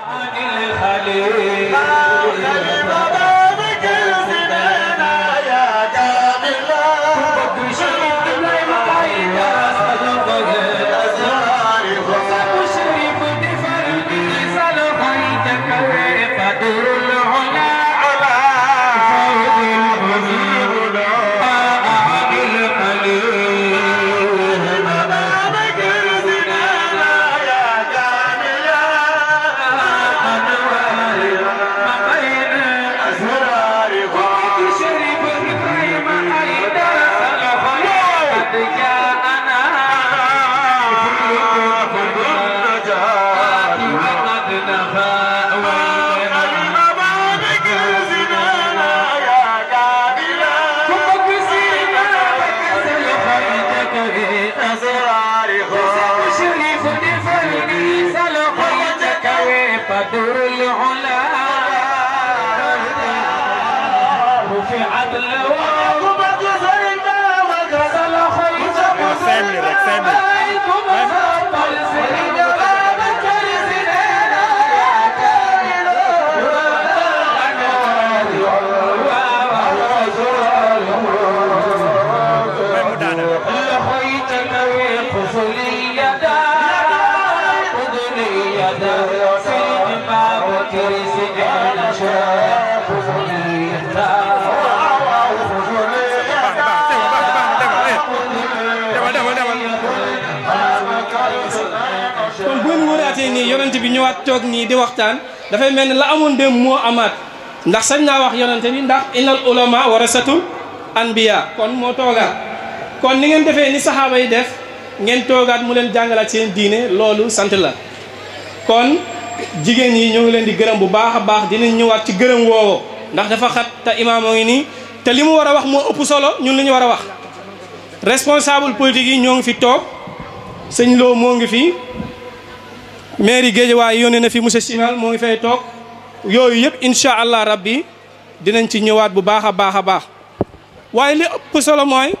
الخليل bi ñëwaat toog nii di waxtaan dafay mel ne la amoon dem moo amaat ndax sañ naa wax yonante bi ndax war innal ulama warasatul anbiya kon moo toogaat kon ni ngeen defee ni saxaaba yi def ngeen toogaat mu leen jàngalaat seen diine loolu sant la kon jigéen yi ñu ngi leen di gërëm bu baax a baax dinañ ñëwaat ci gërëm woowo ndax dafa xat te imaam ngi nii te li mu war a wax moo ëpp solo ñun li ñu war a wax responsable politique yi ñoo ngi fi toog mairie Guédiawaye yónnee na fi monsieur Simal moo ngi fay toog yooyu yëpp incha allah rabbi dinañ ci ñëwaat bu baax a baax a baax waaye li ëpp solo mooy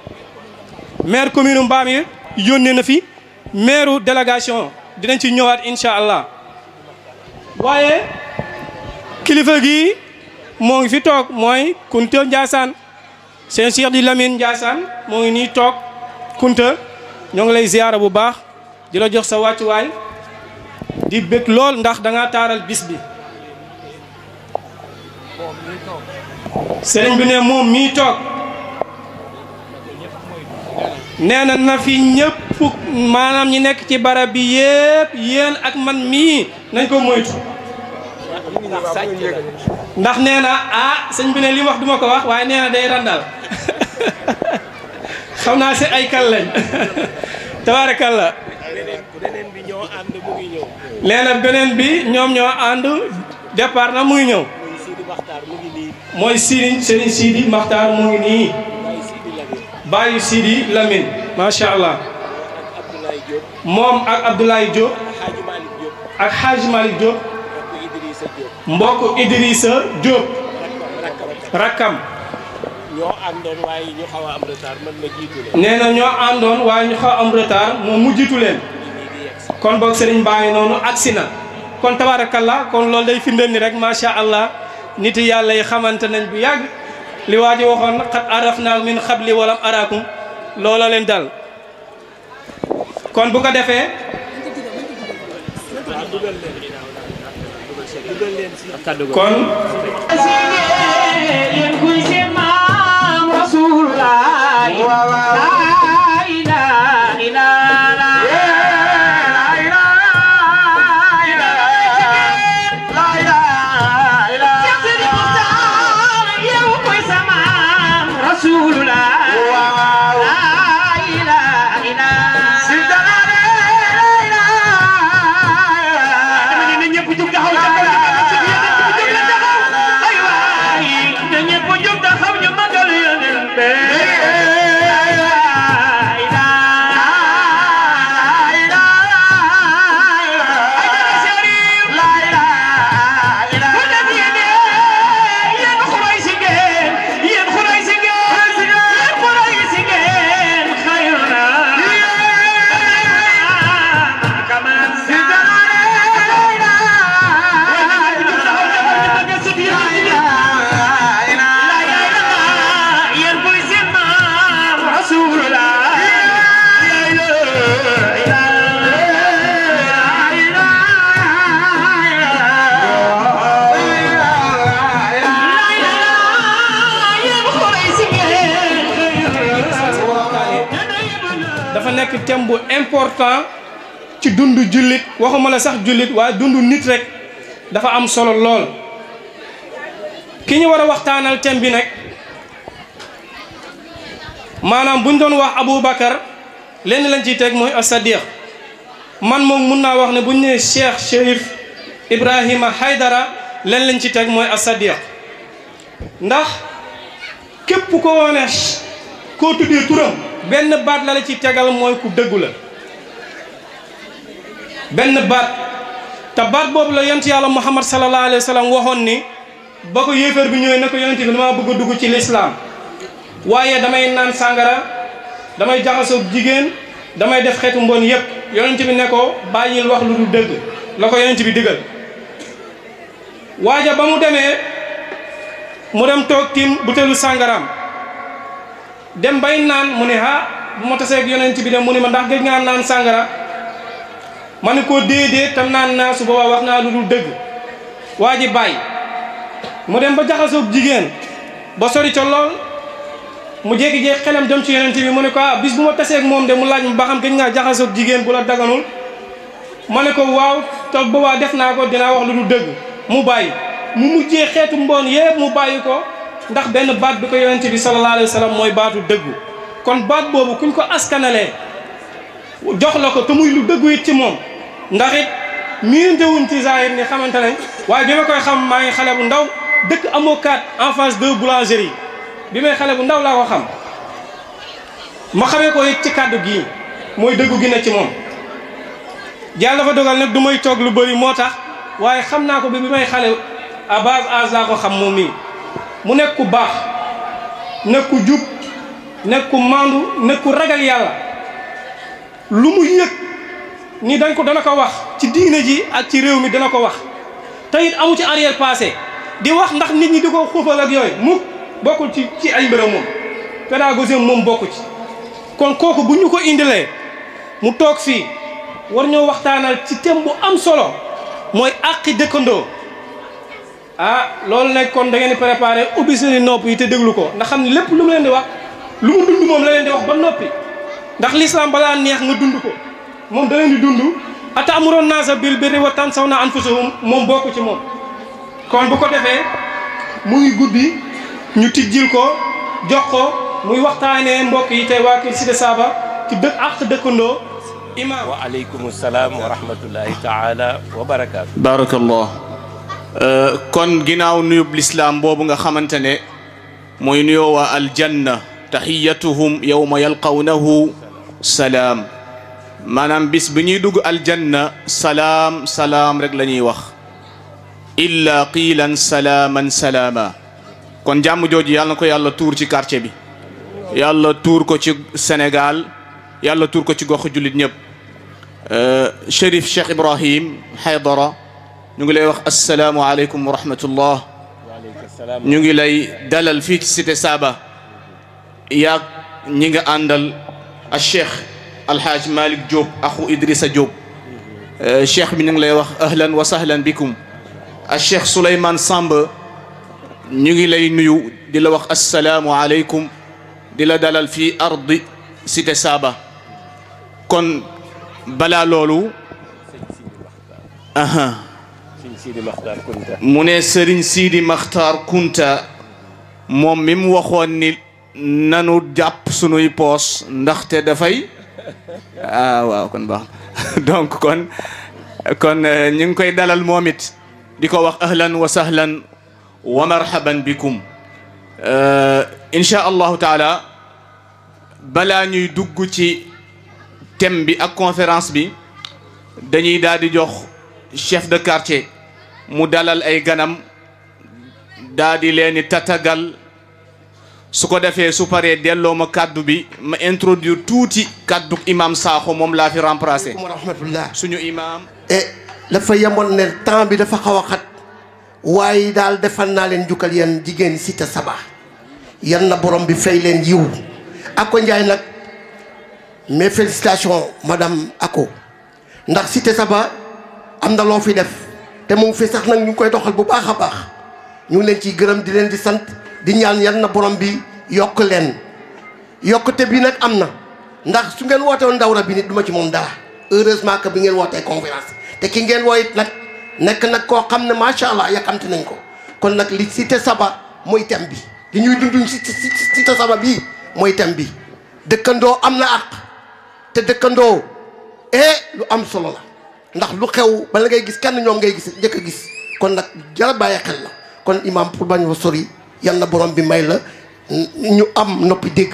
maire commune Mbamir yónnee na fi maire délégation dinañ ci ñëwaat incha allah waaye kilifa gi moo ngi fi toog mooy Kunta Ndiassane seen Cheikh di Lamine Ndiassane moo ngi nii toog Kunta ñoo ngi lay ziyaara bu baax di la jox sa wàccuwaay. di bëgg lool ndax danga taaral bis bi sëriñ bi ne moom mii toog nee na na fi ñëpp maanaam ñi nekk ci barab bi yépp yéen ak man mii nañ ko moytu ndax nee na ah sëñ bi ne li wax duma ko wax waaye nee na day randal xam naa si ay kal lañ tabaarakalla ñoo na beneen bi ñoom ñoo ànd départ na mu ñëw. mooy Sidi Maxtaar mu ngi mooy Sidi Serigne Sidi Maxtaar mu nii. baayu Sidi Lamine. macha allah. moom ak Abdoulaye Diop. ak Hadj Malick Diop. mbokk Idrissa Diop. rakkam. ñoo ñoo àndoon waaye ñu xaw am retard moom mu jiitu leen. kon boog sëriñ baa ngi noonu agsi na kon tabaarakallaa kon loolu day firndeel ni rek macha allah nit yàlla yi xamante nañ bu yàgg li waa ji waxoon xat araf naa min xabli walam araakum looloo leen dal kon bu ko defee kon yéen kuy seen maam rasulullah important ci dund jullit waxuma la sax jullit waaye dund nit rek dafa am solo lool ki ñu war a waxtaanal thème bi nag maanaam buñ doon wax Aboubacar lenn lañ ci teg mooy as-Sadiq man moom mun naa wax ne buñ nee Cheikh Chérif Ibrahima dara lenn lañ ci teg mooy as-Sadiq ndax képp ko woone koo tuddee turam benn baat la la ci tegal mooy ku dëggu la benn baat te baat boobu la yonent yàlla muhammad sallallahu alayhi wa sallam waxoon ni ba ko yéefar bi ñëwee ne ko yonent bi damaa bëgg a dugg ci lislaam waaye damay naan sàngara damay jaxasoo jigéen damay def xeetu mbon yépp yonent bi nekkoo ko bàyyil wax lu dul dëgg la ko yonent bi digal waaja ba mu demee mu dem toog tiim butéelu sàngaraam dem bay naan mu ne ha bu ma taseeg yonent bi dem mu ne ma ndax gëj nga naan sàngara ma ne koo déedéet tam naan naa su boobaa wax naa lu dul dëgg waa ji bàyyi mu dem ba jaxasoog jigéen ba sori ca lool mu jékki-jékki xelam dem ci yonent bi mu ne ko ah bis bu ma taseeg moom de mu laaj ma ba xam kañ ngaa jaxasoog jigéen bu la daganul ma ne ko waaw te boobaa def naa ko dinaa wax lu dul dëgg mu bàyyi mu mujjee xeetu mboon yépp mu bàyyi ko ndax benn baat bi ko yonent bi sallallahu alayhi wa mooy baatu dëggu kon baat boobu kuñ ko askanalee jox la ko te muy lu ci moom ndax it miinante wuñ ci zahir ni xamante nañ waaye bi ma koy xam maa ngi xale bu ndaw dëkk amokat en face de boulangerie bi may xale bu ndaw laa ko xam ma xamee ko it ci kàddu gii mooy dëggu gi ne ci moom jàll dafa dogal nag du may toog lu bëri moo tax waaye xam naa ko bi bi may xale à base âge laa ko xam moom mii mu nekk ku baax nekk ku jub nekk ku maandu nekk ku ragal yàlla lu mu yëg ni dañ ko dana ko wax ci diine ji ak ci réew mi dana ko wax te it amu ci arrière passé di wax ndax nit ñi di ko ak yooyu mu bokkul ci ci ay mbiram moom pédagogie moom bokku ci kon kooku bu ñu ko indilee mu toog fii war ñoo waxtaanal ci thème bu am solo mooy àqi dëkkandoo ah loolu nag kon da ngeen di préparé ubbi seen yi te déglu ko ndax xam lépp lu mu leen di wax lu mu dund leen di wax ba noppi ndax lislaam balaa neex nga dund ko moom da leen di dund ataamuroon naasa bil birri wa tansawna anfusahum moom bokk ci moom kon bu ko defee mu ngi guddi ñu tijjil ko jox ko muy waxtaanee mbokk yi tey waa kër ci dëkk ak dëkkandoo imaam wa aleykum wa rahmatullahi taala wa barakaatu barakallah euh, kon ginnaaw nuyub lislaam boobu nga xamante ne mooy nuyoo waa aljanna taxiyatuhum yowma yalqawnahu salaam maanaam bis bi ñuy dugg aljanna salaam salaam rek la ñuy wax illa qiilan salaaman salaama kon jàmm jooju yàlla na ko yàlla tuur ci quartier bi yàlla tuur ko ci senegal yàlla tuur ko ci gox julit ñëpp euh, Chérif Cheikh Ibrahim Haydara ñu ngi lay wax asalaamu aleykum wa rahmatullah ñu ngi lay dalal fii ci cité Saba ñi nga àndal a Cheikh alxaaj Malick Diop axu Idrissa Diop euh, cheikh bi ñu lay wax ahlan wa sahlan bikum a cheikh Souleymane Samba ñu ngi lay nuyu di la wax asalaamu aleykum di la dalal fii ardi cité Saba kon balaa loolu aha mu ne Serigne siidi Makhtar Kunta moom mi waxoon ni nanu jàpp sunuy poos ndaxte dafay ah waaw kon baax donc kon kon euh, ñu ngi koy dalal moom it di ko wax ahlan wa sahlan wa marhaban bikum euh, inchaa allahu taala balaa ñuy dugg ci thème bi ak conférence bi dañuy daal di jox chef de quartier mu dalal ay ganam daal di tatagal su ko defee su paree delloo ma kàddu bi ma introduire tuuti kàddu imam Sakho moom laa fi remplacé. rahmatullah suñu imam. et eh, dafa yemoon ne temps bi dafa xaw a xat waaye daal defal naa leen jukkal yéen jigéen Cité Saba yan na borom bi fay leen yiw Ako Ndiaye nag mes félicitations madame Ako ndax site Saba am na loo fi def te mu ngi fi sax nag ñu ngi koy doxal bu baax a baax ñu ngi leen ciy gërëm di leen di sant. di ñaan yal na borom bi yokk leen yokkute bii nag am na ndax su ngeen wootee ndaw dawra bi nit du ci moom daa heureusement que bi ngeen wootee conférence te ki ngeen wooy nag nekk nag koo xam ne macha allah yàkkamti nañ ko kon nag li cité saba mooy thème bi di ñuy dunduñ ci cité saba bi mooy thème bi dëkkandoo am na àq te dëkkandoo eh lu am solo la ndax lu xew bala ngay gis kenn ñoom ngay gis njëkk a gis kon nag jara bàyyi xel la kon imam pour bañ wa yal na borom bi may la ñu am noppi dégg.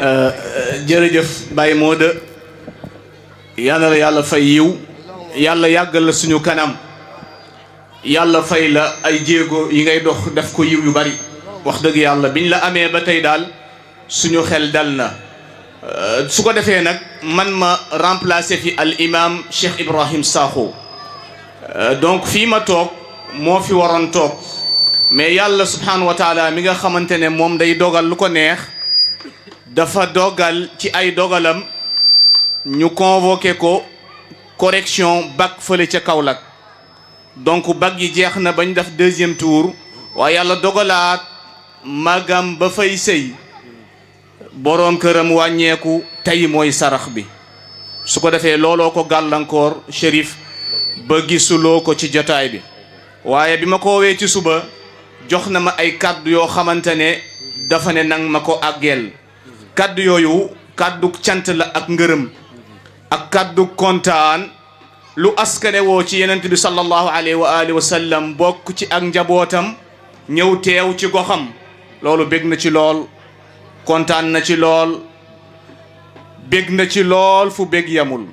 Euh, jërëjëf Baye Modou yal yàlla fay yiw yàlla yàggal la suñu kanam yàlla fay la ay jéego yi ngay dox def ko yiw yu bari wax dëgg yàlla biñ la amee ba tey daal suñu xel dal na euh, su ko defee nag man ma remplacer fi al imam Cheikh Ibrahim Sakho euh, donc fii ma toog moo fi waroon toog mais yàlla subhanahu wa taala mi nga xamante ne moom day dogal lu ko neex dafa dogal ci ay dogalam ñu convoqué ko correction bac fële ca Kaolack donc bag yi jeex na bañ def deuxième tour waaye yàlla dogalaat magam ba fay sëy boroom këram wàññeeku tey mooy sarax bi su ko defee looloo ko gàllankoor shérif ba gisuloo ko ci jotaay bi waaye bi ma ko woowee ci suba jox na ma ay kàddu yoo xamante ne dafa ne nang ma ko àggeel kàddu yooyu kàddu cant la ak ngërëm ak kàddu kontaan lu askane ci yenent bi sallallahu alayhi wa alihi sallam bokk ci ak njabootam ñëw teew ci goxam loolu bég na ci lool kontaan na ci lool bég na ci lool fu bég yamul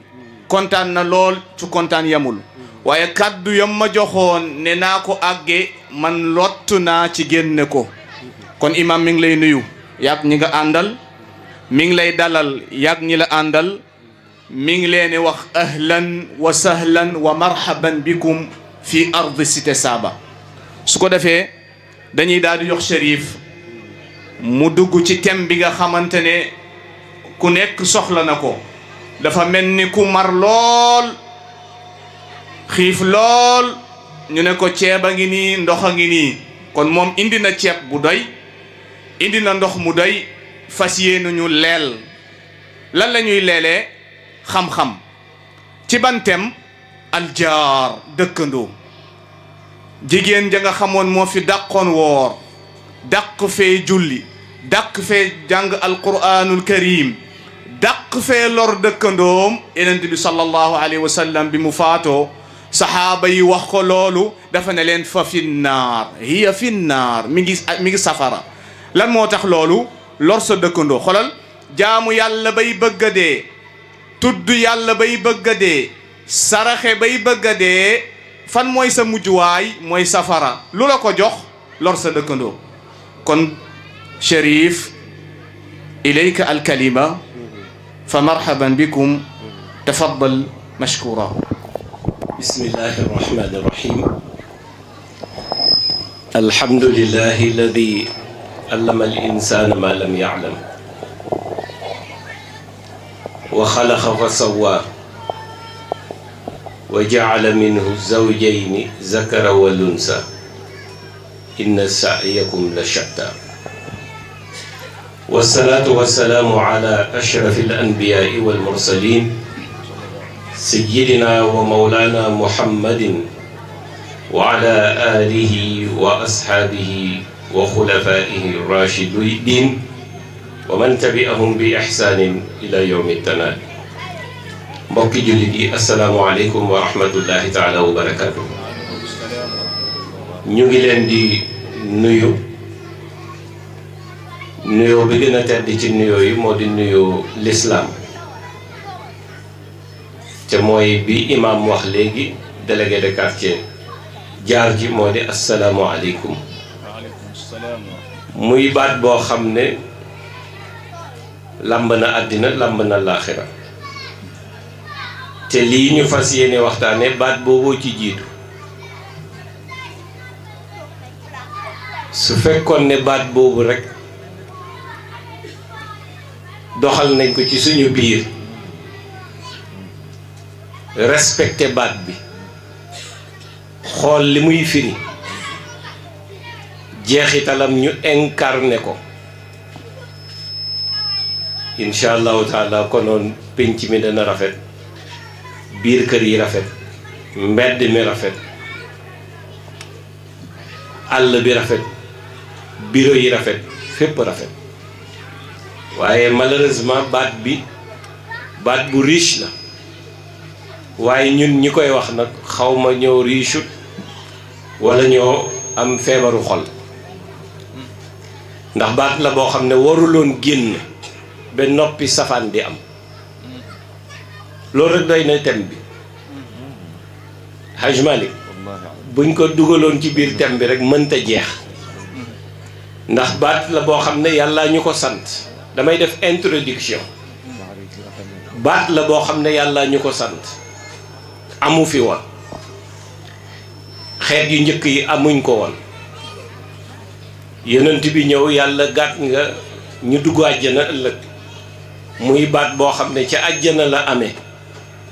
kontaan na lool fu kontaan yamul waaye kàddu yam ma joxoon ne naa ko àggee man lottu naa ci génne ko kon imam mi ngi lay nuyu yàgg ñi nga àndal mi ngi lay dalal yàgg ñi la àndal mi ngi leen wax ahlan wa sahlan wa marhaban bikum fi ardi cité Saba su ko defee dañuy daal di jox Chérif mu dugg ci thème bi nga xamante ne ku nekk soxla na ko dafa mel ni ku mar lool xiif lool ñu ne ko ceeb a ngi nii ndox a ngi nii kon moom indi na ceeb bu doy indi na ndox mu doy fas yéenu ñu leel lan la ñuy leelee xam-xam ci ban tem aljaar dëkkandoo jigéen ja nga xamoon moo fi dàqoon woor dàq fee julli dàq fee jàng alquraanul karim dàq fee lor dëkkandoom yenent bi sallallahu alayhi wa sallam bi mu faatoo saxaaba yi wax ko loolu dafa ne leen fa fi naar hiya fi naar mi ngi safara lan moo tax loolu lor sa dëkkandoo xolal jaamu yàlla bay bëgg dee tudd yàlla bay bëgg a dee saraxe bay bëgg dee fan mooy sa mujjuwaay mooy safara lu la ko jox lor sa dëkkandoo kon Chérif ilayka alkalima fa marhaban bikum tafaddal mashkura bismillahi irrahmani irrahim alhamdulilahi alladi allama alinsana ma lam yaalam wa xalaqa fa sawaa wa jacala minhu zawjayni zakara wa lunsa inna sa'yakum la shatta wasalaatu wasalaamu ala ashrafi alanbiyaai walmursalin سيدنا ومولانا محمد وعلى آله وأصحابه وخلفائه الراشدين ومن تبعهم بإحسان إلى يوم التناد mbokki jullit yi asalaamualeykum wa rahmatullahi taala wa barakaatu ñu ngi leen di nuyu nuyoo bi gën a tedd ci nuyoo yi moo di nuyu lislaam te mooy bi imam wax léegi délégué de quartier jaar ji moo di asalaamualeykum muy baat boo xam ne làmb na àddina làmb na laaxira te lii ñu fas yéene waxtaane baat booboo ci jiitu su fekkoon ne baat boobu rekk doxal nañ ko ci suñu biir respecté baat bi xool li muy fi firi jeexitalam ñu incarné ko incha allahu taala konoon pénc mi dana rafet biir kër yi rafet mbedd mi rafet àll bi rafet bureau yi rafet fépp rafet waaye malheureusement baat bi baat bu riche la waaye ñun ñi koy wax nag xaw ma ñoo riichut wala ñoo am feebaru xol ndax baat la boo xam ne waruloon génn ba noppi safaan di am loolu rek doy na bi Haj Malik buñ ko dugaloon ci biir thème bi rek mënta jeex ndax baat la boo xam ne yàlla ñu ko sant damay def introduction baat la boo xam ne yàlla ñu ko sant amu fi woon xeet yu njëkk yi amuñ ko woon yonent bi ñëw yàlla gàtt nga ñu dugg àjjana ëllëg muy baat boo xam ne ca àjjana la amee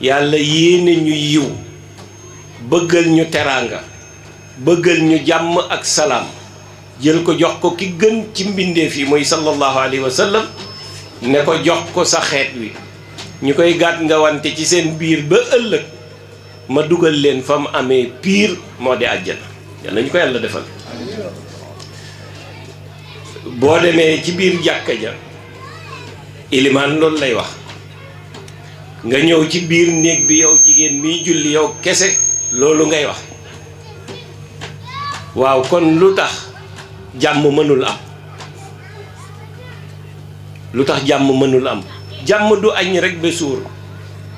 yàlla yéene ñu yiw bëggal ñu teraanga bëggal ñu jàmm ak salaam jël ko jox ko ki gën ci mbindeef yi muy sallallahu alayhi wa ne ko jox ko sa xeet wi ñu koy gàtt nga wante ci seen biir ba ëllëg ma dugal leen fa mu amee piir moo di àjjana yal nañu ko yàlla defal boo demee ci biir jàkka ja ilimaan loolu lay wax nga ñëw ci biir néeg bi yow jigéen miy julli yow kese loolu ngay wax waaw kon lu tax jàmm mënul am lu tax jàmm mënul am jàmm du añ rek ba suur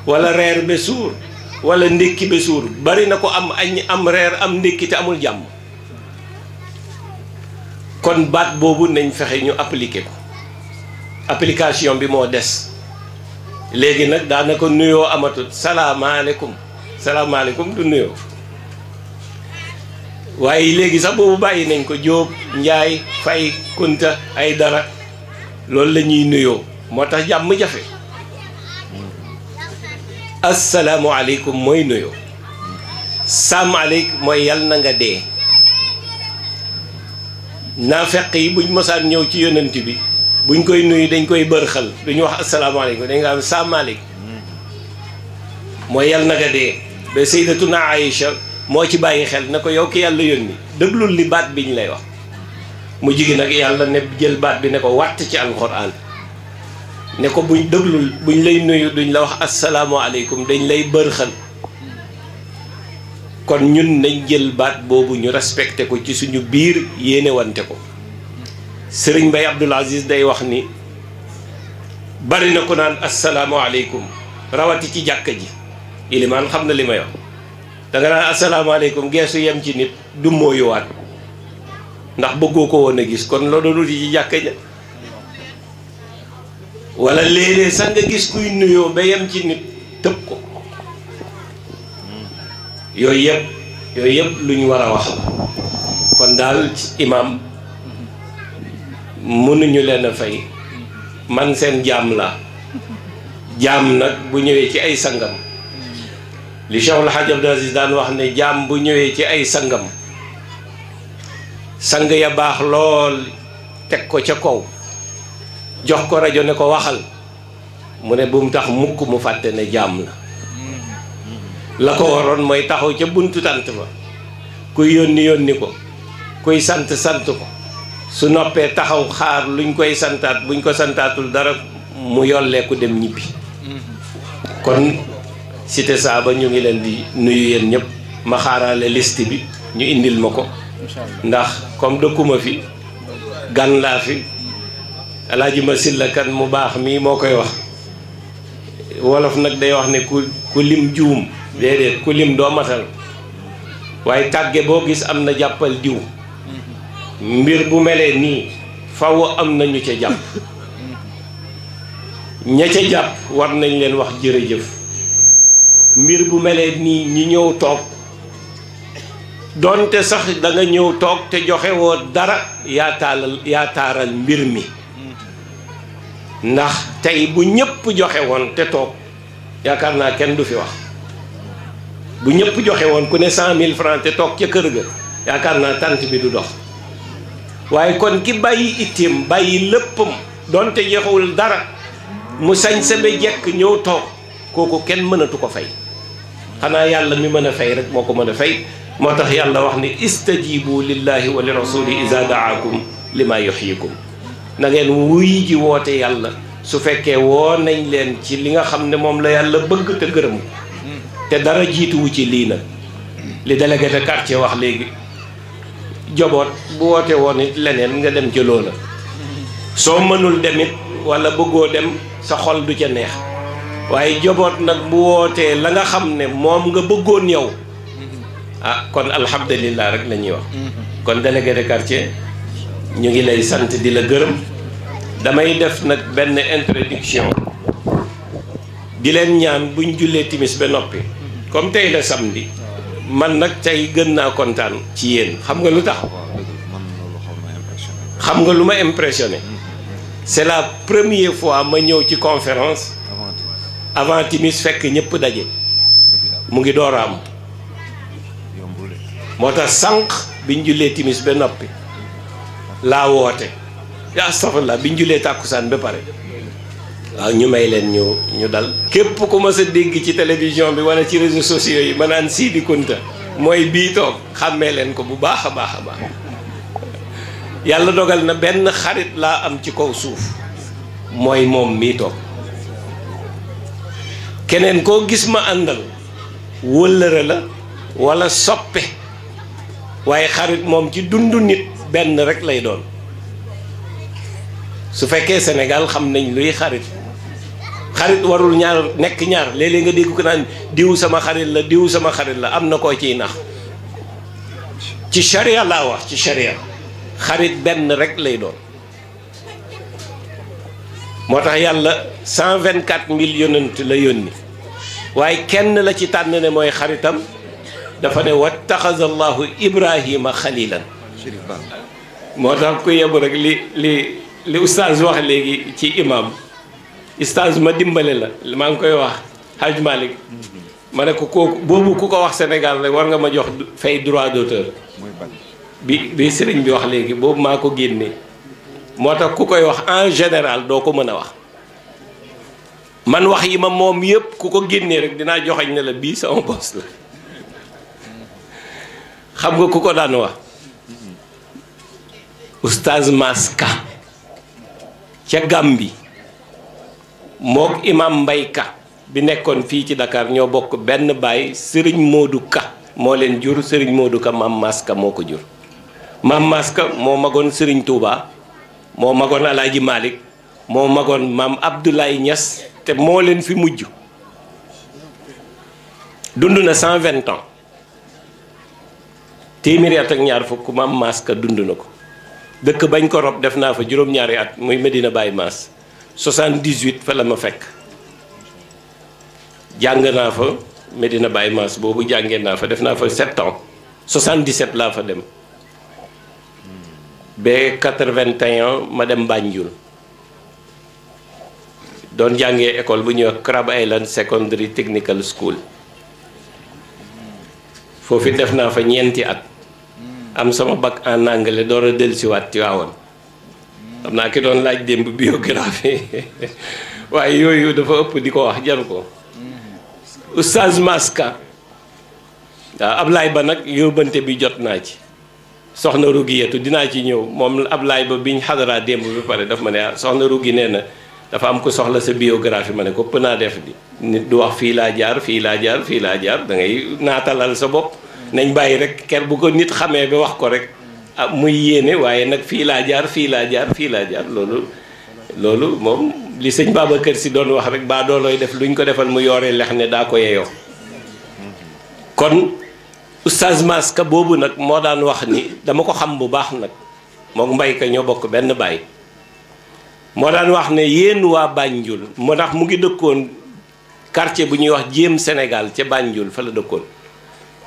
walla reer ba suur wala ndékki ba suur bari na ko am añ am reer am ndékki te amul jàmm kon baat boobu nañ fexe ñu appliquer ko application bi moo des léegi nag daanaka nuyoo amatul salaamaaleykum salaamaaleykum du nuyoo waaye léegi sax boobu bàyyi nañ ko Jóob Njaay Fay Kunta ay dara loolu la ñuy nuyoo moo tax jàmm jafe asalaamualeykum mooy nuyu salaamaaleykum mooy yal na nga dee naafeq yi buñ mosaan ñëw ci yonent bi buñ koy nuyu dañ koy bërxal duñu wax asalaamaaleykum dañ nga am salaamaaleykum mooy yal na nga dee ba sayyidatuna Aïcha moo ci bàyyi xel na ko yow ki yàlla yónni déglul li baat bi ñu lay wax mu jigéen nag yàlla ne jël baat bi ne ko wàtt ci alxuraan ne ko buñ dëglul buñ lay nuyu duñ la wax asalaamaaleykum dañ lay bërxal kon ñun nañ jël baat boobu ñu respecté ko ci suñu biir yéene wante ko sëriñ Mbay Abdul Aziz day wax ni bari na ko naan asalaamaaleykum rawati ci jàkka ji ilimaan xam na li may wax danga naan asalaamaaleykum geesu yem ci nit du mooyuwaat ndax bëggoo ko woon a gis kon loolu lu ci jàkka ja wala léegi léeg sax gis kuy nuyoo ba yem ci nit tëb ko yooyu yëpp yooyu yëpp lu ñu war a wax la kon daal imaam mënuñu leen a fay man seen jaam la jaam nag bu ñëwee ci ay sangam li Cheikh El Hadj Abdou daan wax ne jaam bu ñëwee ci ay sangam sang ya baax lool teg ko ca kaw jox ko rajo ne ko waxal mu ne bu mu tax mukk mu fàtte ne jàmm la la ko waroon mooy taxaw ca buntu tant ba kuy yónni yónni ko kuy sant sant ko su noppee taxaw xaar luñ koy santaat buñ ko santaatul dara mu yolleeku dem ñibbi kon cité ba ñu ngi leen di nuyu yéen ñëpp ma xaaraale liste bi ñu indil ma ko ndax comme dëkkuma fi gan laa fi alaaji ma silla mu baax mii moo koy wax wolof nag day wax ne ku ku lim juum déedéet ku lim doo matal waaye tàgge boo gis am na jàppal diw mbir bu melee nii faw am nañu ñu ca jàpp ña ca jàpp war nañ leen wax jërëjëf mbir bu melee nii ñi ñëw toog doonte sax da ñëw toog te joxe dara yaa taalal mbir mi ndax tey bu ñëpp joxe woon te toog yaakaar naa kenn du fi wax bu ñëpp joxe woon ku ne cent mille francs te toog ca kër ga yaakaar naa tànt bi du dox waaye kon ki bàyyi itim bàyyi léppam donte joxewul dara mu sañ sa ba jekk ñëw toog kooku kenn mënatu ko fay xanaa yàlla mi mën a fay rek moo ko mën a fay moo tax yàlla wax ni istajibu lillahi wa li rasuli iza daakum lima yuhyikum na ngeen wuy ji woote yàlla su fekkee woo nañ leen ci li nga xam ne moom la yàlla bëgg te gërëm te dara jiituwu ci lii nag li délégué de wax léegi joboot bu woote woon it leneen nga dem jëloo la soo mënul dem walla bëggoo dem sa xol du ca neex waaye joboot nag bu wootee la nga xam ne moom nga bëggoon yow ah kon alhamdulillah rek la wax mm-hmm. kon délégué de ñu ngi lay sant di la gërëm damay def nag benn introduction di leen ñaan buñ jullee timis ba noppi comme tey la samedi man nag tey gën naa kontaan ci yéen xam nga lu tax xam nga lu ma impressionné c'est la première fois ma ñëw ci conférence avant timis fekk ñëpp daje mu ngi door a am moo tax sànq biñ jullee timis ba noppi laa woote astafurlah bi ñu julee tàkkusaan ba pare waaw ñu may leen ñu ñu dal képp ku ma sa dégg ci télévision bi wala ci réseaux sociaux yi ma naan Sidi Kunta mooy bii toog xàmmee leen ko bu baax a baax a baax yàlla dogal na benn xarit laa am ci kaw suuf mooy moom mii toog keneen koo gis ma àndal wëllëre la walla soppe waaye xarit moom ci dundu nit benn rek lay doon su fekkee Sénégal xam nañ luy xarit xarit warul ñaar nekk ñaar léeg-léeg nga dégg ko naan diw sama xarit la diw sama xarit la am na koo ciy nax ci charia laa wax ci charia xarit benn rek lay doon moo tax yàlla 124 mille yonent la yónni waaye kenn la ci tànn ne mooy xaritam dafa ne wattaxaza allahu ibrahima xalilan Chérif Ba moo tax ku yebu rek li li li oustaz wax léegi ci imam oustaz ma dimbale la maa ngi koy wax Hadj Malick ma ne ko kooku boobu ku ko wax Sénégal rek war nga ma jox fay droit d'auteur bi bi sëriñ bi wax léegi boobu maa ko génnee moo tax ku koy wax en général doo ko mën a wax man wax yi ma moom yëpp ku ko génnee rek dinaa joxañ ne la bii sama bos la xam nga ku ko daan wax oustaz Maska ca Gàmbi mook imam Mbay Ka bi nekkoon fii ci Dakar ñoo bokk benn baay sëriñ Modou Ka moo leen jur sëriñ Modou maam Maska moo ko jur maam Maska moo magoon sëriñ Touba moo magoon Alaaji Malick moo magoon maam Abdoulaye Niass te moo leen fi mujj dund na san vingt ans téeméeri ñaar fukk maam Maska dund na ko dëkk bañ ko rob def naa fa juróom-ñaari at muy Medina Baye Mass 78 fa la ma fekk jàng naa fa Medina Baye Mass boobu jàngee naa fa def naa fa 7 ans 77 laa fa dem ba 81 ma dem Banjul doon jàngee école bu ñuy wax Crab Island Secondary Technical School foofu def naa fa ñeenti at. am sama bac en anglais door a dellusiwaat Tiwaawan xam naa ki doon laaj démb biographie waaye yooyu dafa ëpp di ko wax jaru ko oustaz Maska waaw Ablaay ba nag yóbbante bi jot naa ci soxna Rugi yetu dinaa ci ñëw moom Ablaay ba biñ xadaraa démb bi pare daf ma ne ah, soxna Rugi nee na dafa am ko soxla sa biographie ma ne ko naa def bi nit du wax fii laa jaar fii laa jaar fii laa jaar da ngay naatalal sa bopp nañ bàyyi rek ker bu ko nit xamee ba wax ko rek ah muy yéene waaye nag fii laa jaar fii laa jaar fii laa jaar loolu loolu moom li sëñ kër Si doon wax rek baa doolooy def luñ ko defal mu yooree lex ne daa ko yeyoo kon oustaz Maska boobu nag moo daan wax ni dama ko xam bu baax nag mook mbay ka ñoo bokk benn baay moo daan wax ne yéen waa Banjul moo tax mu ngi dëkkoon quartier bu ñuy wax jéem Sénégal ca Banjul fa la dëkkoon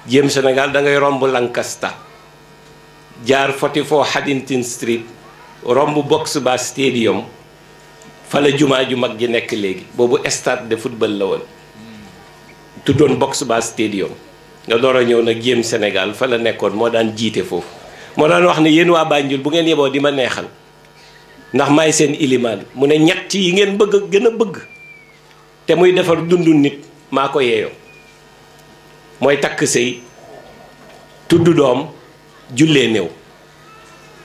jëm senegal dangay romb Lancaster jaar 44 Haddington Street romb Box Bar Stadium fa la jumaa ju mag ji nekk léegi boobu stade de football la woon tuddoon Box Bar Stadium nga door a ñëw nag jëm senegal fa la nekkoon moo daan jiite foofu moo daan wax ne yéen waa Banjul bu ngeen yeboo di ma neexal ndax may seen ilimaan mu ne ñett yi ngeen bëgg gën a bëgg te muy defar dundu nit maa ko yeeyoo mooy takk sëy tudd doom jullee néew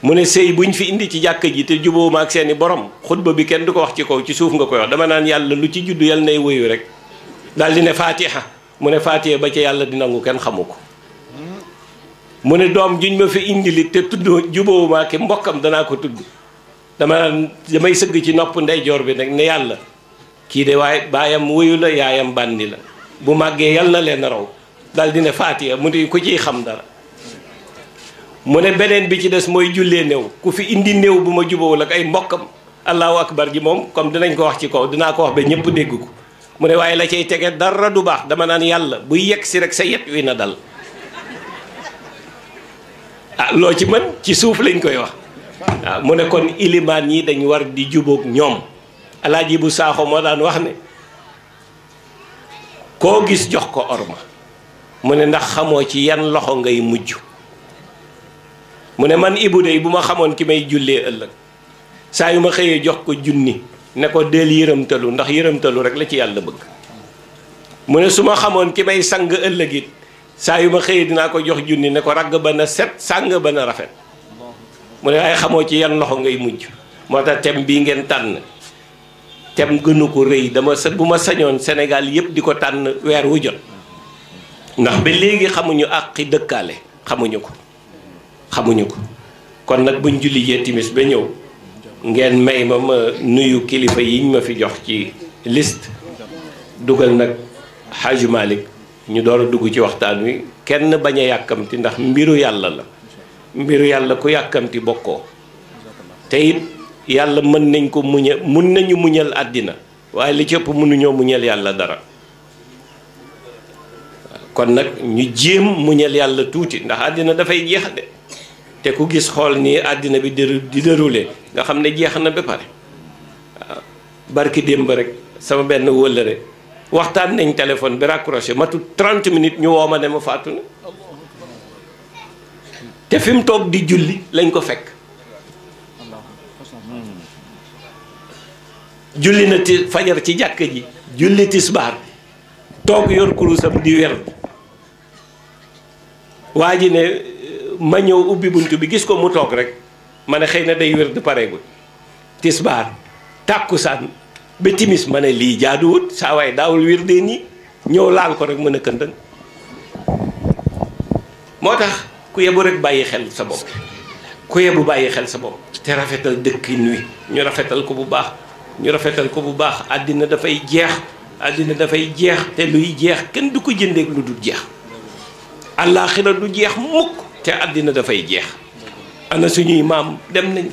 mu ne sëy buñ fi indi ci jàkk ji te juboo ak seeni borom xutba bi kenn du ko wax ci kaw ci suuf nga koy wax dama naan yàlla lu ci judd yàlla nay rek daal di ne faatiha mu ne faatiha ba ca yàlla di nangu kenn xamu ko mu ne doom juñ ma fi indi li mbokkam danaa ko tudd dama naan damay sëgg ci nopp ndeyjoor bi nag ne yàlla kii de waaye baayam woyu la yaayam bàndi la bu màggee yàlla na leen raw daal di ne faatiya mu ne ku ciy mu ne beneen bi ci des mooy jullee néew ku fi indi néew bu ma jubawul ak ay mbokkam allahu akbar ji moom comme dinañ ko wax ci kaw dinaa ko wax ba ñëpp dégg ko mu ne waaye la cay tege dara du baax dama naan yàlla bu yegg si rek sa yet wi na dal ah loo ci mën ci suuf lañ koy wax waaw mu ne kon ilimaan yi dañ war di jubóog ñoom alaaji bu saaxo moo daan wax ne koo gis jox ko orma mu ne ndax xamoo ci yan loxo ngay mujj mu ne man Ibou dey bu ma xamoon ki may jullee ëllëg saa yu ma xëyee jox ko junni ne ko del yërëmtalu ndax yërëmtalu rek la ci yàlla bëgg mu ne su ma xamoon ki may sang ëllëg it saa yu ma xëyee dinaa ko jox junni ne ko ragg ba set sang ba na rafet mu ne waaye xamoo ci yan loxo ngay mujj moo tax thème bii ngeen tànn tem gënu ko rëy dama sa bu ma sañoon senegal yëpp di ko tànn weer wu jot ndax bi léegi xamuñu àqi dëkkaale xamuñu ko xamuñu ko kon nag buñ julli jee timis ba ñëw ngeen may ma ma nuyu kilifa yiñ ma fi jox ci list dugal nag xaaju ñu door a dugg ci waxtaan wi kenn bañ a yàkkamti ndax mbiru yàlla la mbiru yàlla ku yàkkamti bokkoo te yàlla mën nañ ko muñal mën nañu muñal àddina waaye li ci ëpp mënuñoo muñal yàlla dara kon nag ñu jéem muñal yàlla tuuti ndax àddina dafay jeex de te ku gis xool nii àddina bi di déroulé nga xam ne jeex na ba pare barki démb rek sama benn wëllëre waxtaan nañ téléphone bi raccroché matu 30 minutes ñu woo ma ne ma faatu na te fi toog di julli lañ ko fekk julli na ti fajar ci jàkk ji julli tisbaar toog yor kurusam di wer waa ji ne ma ñëw ubbi bunt bi gis ko mu toog rek ma ne xëy na day wér du pareegul tisbaar tàkkusaan ba timis ma ne lii jaaduwut saa waay daawul wér de nii ñëw laal ko rek mën a këndëng moo tax ku yebu rek bàyyi xel sa bopp ku yebu bàyyi xel sa bopp te rafetal dëkkin wi ñu rafetal ko bu baax ñu rafetal ko bu baax àddina dafay jeex àddina dafay jeex te luy jeex kenn du ko jëndeek lu dul jeex àllaaxira du jeex mukk te àddina dafay jeex ana suñuy maam dem nañ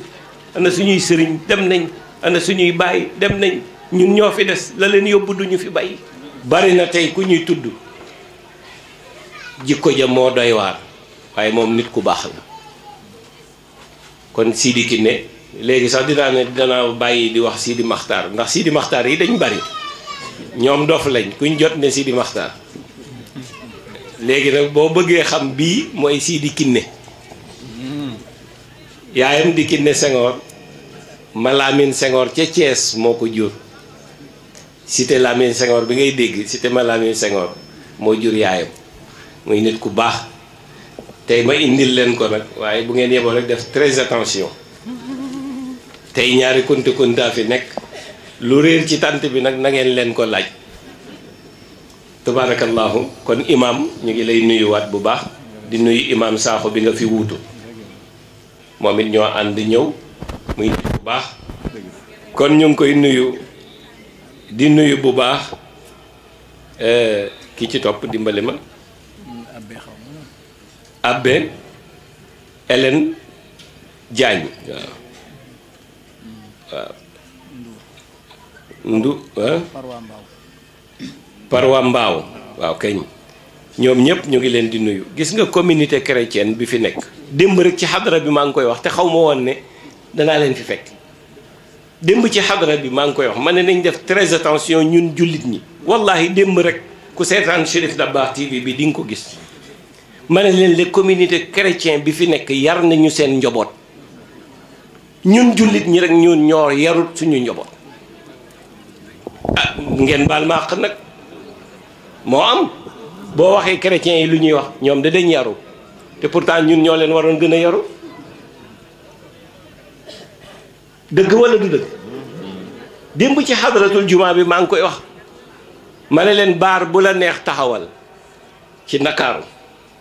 ana suñuy sëriñ dem nañ ana suñuy baay dem nañ ñun ñoo fi des la leen yóbbu duñu fi bàyyi bari na tey ku ñuy tudd jikko ja moo doy waar waaye moom nit ku baax la kon ki ne léegi sax dinaa ne danaa bàyyi di wax siidi Maxtaar ndax siidi Maxtaar yi dañ bari ñoom dof lañ kuñ jot ne Sidi Maxtaar léegi nag boo bëggee xam bii mooy di Kiné yaayam di Kiné Senghor ma Lamine Senghor ca Thiès moo ko jur cité Lamine Senghor bi ngay dégg cité ma Lamine moo jur yaayam muy nit ku baax tey ma indil leen ko nag waaye bu ngeen yeboo rek def très attention tey ñaari konte konta fi nekk lu réer ci tant bi nag na ngeen leen ko laaj tabaarakallaahu kon imaam ñu ngi lay nuyuwaat bu baax di nuyu imaam saaxo bi nga fi wuutu moom it ñoo ànd ñëw muy nit bu baax kon ñu ngi koy nuyu di nuyu bu baax eh, ki ci topp dimbali ma abbe Hélène Diagne waaw eh? par waa mbaaw waaw kañ ñoom ñëpp ñu ngi leen di nuyu gis nga communauté chrétienne bi fi nekk démb rek ci xadara bi maa ngi koy wax te xaw ma woon ne danaa leen fi fekk démb ci xadara bi maa ngi koy wax ma ne nañ def très attention ñun jullit ñi wallahi démb rek ku seetaan Chérif Dabakh TV bi di nga ko gis ma ne leen les communauté chrétien bi fi nekk yar nañu seen njaboot ñun jullit ñi rek ñun ñoo yarut suñu njaboot ah ngeen baal ma àq nag moo am boo waxee chrétiens yi lu ñuy wax ñoom da dañ yaru te pourtant ñun ñoo leen waroon gën a yaru dëgg walla du dëgg démb ci xadaratul jumaa bi maa ngi koy wax ma ne leen baar bu la neex taxawal ci Ndakaaru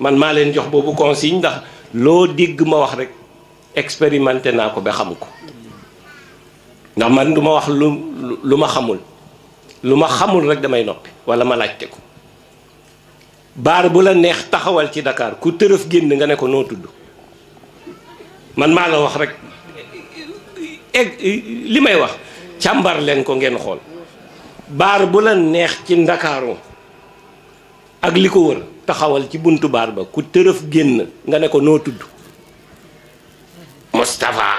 man maa leen jox boobu consigne ndax loo digg ma wax rek expérimenté naa ko ba xamu ko ndax man du ma wax lu lu ma xamul lu ma xamul rek damay noppi wala ma laajte ko baar bu la neex taxawal ci Dakar ku tërëf génn nga ne ko noo tudd man maa la wax rek li may wax càmbar leen ko ngeen xool baar bu la neex ci ndakaaru ak li ko wër taxawal ci buntu baar ba ku tërëf génn nga ne ko noo tudd Moustapha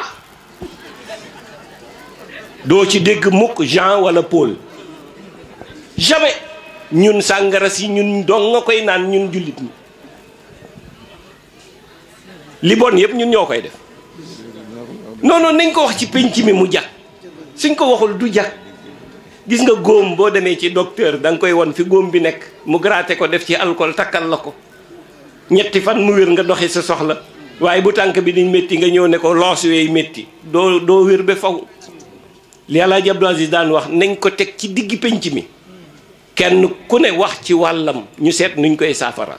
doo ci dégg mukk Jean walla Paul jamais ñun sàngara si ñun dong nga koy naan ñun jullit ñi li bon yëpp ñun ñoo koy def non non nañ ko wax ci pénc mi mu jag suñ ko waxul du jag gis nga góom boo demee ci docteur da nga koy won fi góom bi nekk mu gratter ko def ci alcool takkal la ko ñetti fan mu wér nga doxi sa soxla waaye bu tànk bi di metti nga ñëw ne ko loos weey métti doo doo wér ba faw li Alaaji Abdou daan wax nañ ko teg ci digg penc mi kenn ku ne wax ci wàllam ñu seet nuñ koy saafara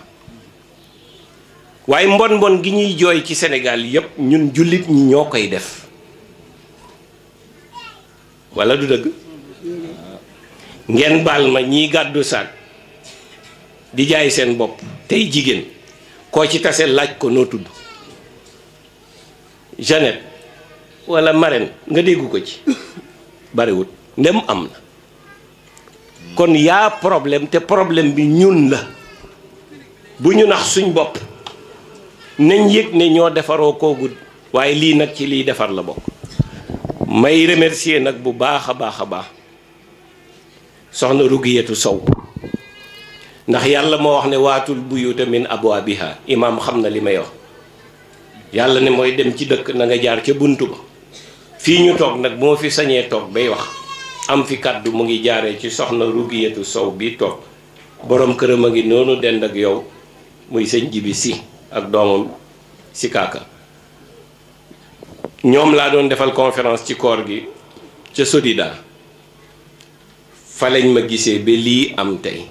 waaye mbon mbon gi ñuy jooy ci senegaal yépp ñun jullit ñi ñoo koy def walla du dëgg ngeen baal ma ñiy gàddu saak di jaay seen bopp tey jigéen koo ci tase laaj ko noo tudd Jeannette walla Marème nga déggu ko ci barewut ndem am na kon yaa problème te problème bi ñun la bu ñu nax suñ bopp nañ yëg ne ñoo defaroo koogud waaye lii nag ci liy defar la bokk may remercier nag bu baax a baax a baax soxna Rugiyetu Sow ndax yàlla moo wax ne waatul buyuta min abwaabiha imaam xam na li may wax yàlla ne mooy dem ci dëkk na nga jaar ca bunt ba fii ñu toog nag moo fi sañee toog bay wax am fi kàddu mu ngi jaare ci soxna Rugiyatu Sow bi toog borom këram a ngi noonu dend ak yow muy sëñ Jibi Si ak doomam si ñoom laa doon defal conférence ci koor gi ca Sodida fa lañ ma gisee bi lii am tey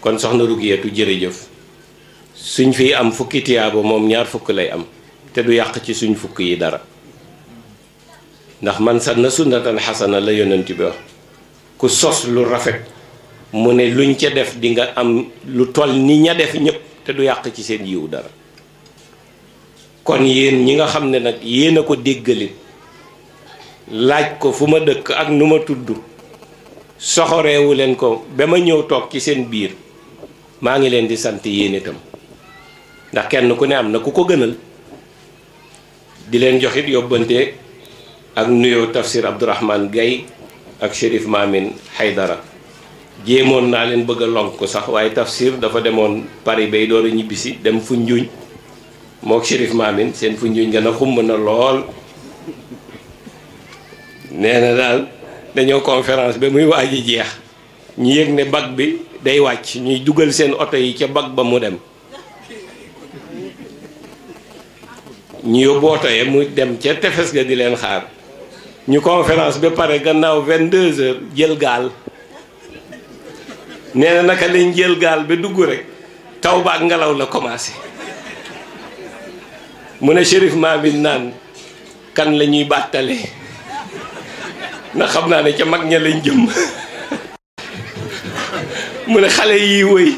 kon soxna Rugiyatu jërëjëf suñ fi am fukki tiyaaba moom ñaar fukk lay am te du yàq ci suñ fukk yi dara ndax man sanna sunnatan xasana la yonent bi wax ku sos lu rafet mu ne luñ ca def dinga am lu toll ni ña def ñépp te du yàq ci seen yiwu dara kon yéen ñi nga xam ne nag yéen a ko déggalit laaj ko fu ma dëkk ak nu ma tudd soxoreewu leen ko ba ma ñëw toog ci seen biir maa ngi leen di sant yéen itam ndax kenn ku ne am na ku ko gënal di leen joxit yóbbante ak nuyoo tafsir Abdourahmane gay ak Chérif Mamine Haydara jéemoon naa leen bëgg lonk ko sax waaye tafsir dafa demoon Paris bay door a ñibbisi dem Foundiougne mook Chérif Mamine seen Foundiougne gën a xumb na lool nee na daal dañoo conférence ba muy waaj a jeex ñu yëg ne bag bi day wàcc ñuy dugal seen oto yi ca bag ba mu dem ñu yóbbu oto ya mu dem ca tefes ga di leen xaar ñu conférence ba pare gannaaw vingt deux heures jël gaal neena na naka lañ jël gaal ba dugg rek taw ba ngelaw la commencé mu ne shérif Maamin naan kan la ñuy bàttalee ndax xam naa ne ca mag ña lañ jëm mu ne xale yi wëy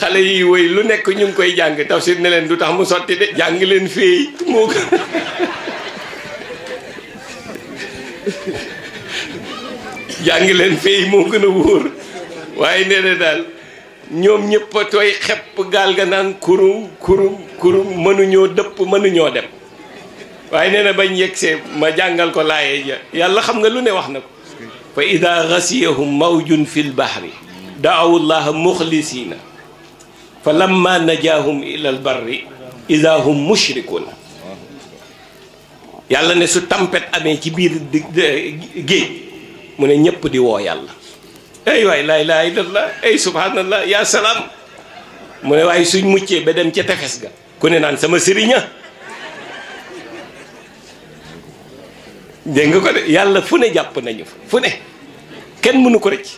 xale yiy wëy lu nekk ñu ngi koy jàng tafsir ne leen du tax mu sotti de jàng leen fii moo gën jàngi leen fay moo gën a wóor waaye nee na daal ñoom ñëpp a tooy xepp gaal ga naan kurum kurum kurum mënuñoo dëpp mënuñoo dem waaye nee na bañ yegsee ma jàngal ko laaye ja yàlla xam nga lu ne wax na ko fa ida gasiyahum mawjun fi lbahri daawu llaha muxlisina fa lamma najaahum ila albarri ida hum mushrikuuna yàlla ne su tempête amee ci biir géej mu ne ñëpp di woo yàlla ay waay laa ilaaha illallah ay subhanallah yaa salaam mu ne waay suñ muccee ba dem ca tefes ga ku ne naan sama sëriña dégg nga ko de yàlla fu ne jàpp nañu fa fu ne kenn mënu ko rëcc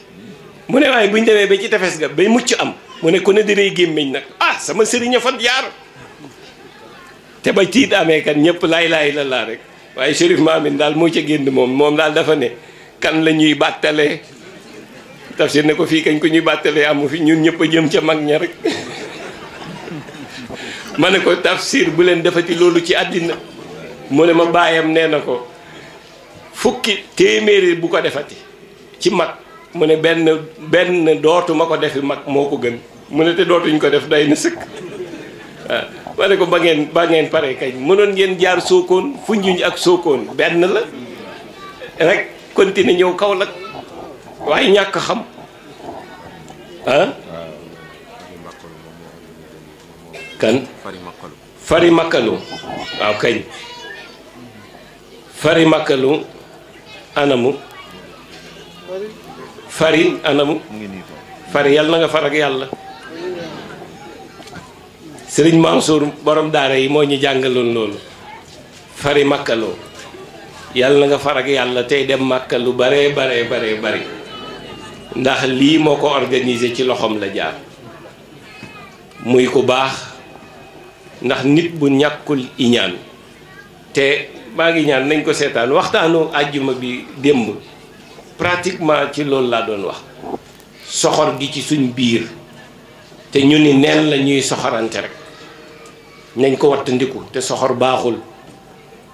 mu ne waaye buñ demee ba ci tefes ga bay mucc am mu ne ku ne di rëy gémmiñ nag ah sama sëriña fa jaar te ba tiit amee kan ñëpp laay laay la laa rek waaye Chérif Maamine daal mooy ca génn moom moom daal dafa ne kan lañuy ñuy bàttalee ne ko fii kañ ko ñuy bàttalee amu fi ñun ñëpp a jëm ca mag ña rek ma ne ko tafsir bu leen defati loolu ci àddina mu ne ma baayam nee na ko fukki téeméeri bu ko defati ci mag mu ne benn benn dootuma ko defi mag moo ko gën mu ne te dootuñ ko def day na sëkk ma ko ba ngeen ba ngeen pare kañ mënoon ngeen jaar fu Foundiougne ak Sokone benn la rek continuer ñëw Kaolack waaye ñàkk xam ah. kan Fary Makalu waaw kañ Fary Makalu anamu Fary anamu Fary yàlla nga far ak yàlla. sëriñ Mansour borom daara yi moo ñu jàngaloon loolu fari màkkaloo yàlla na nga far ak yàlla tey dem màkka lu bare bare bare bari ndax lii moo ko organisé ci loxoom la jaar muy ko baax ndax nit bu ñàkkul iñaan te maa ngi ñaan nañ ko seetaan waxtaanu àjjuma bi démb pratiquement ci loolu laa doon wax soxor gi ci suñ biir te ñu ni neen la ñuy soxorante rek nañ ko wattandiku te soxor baaxul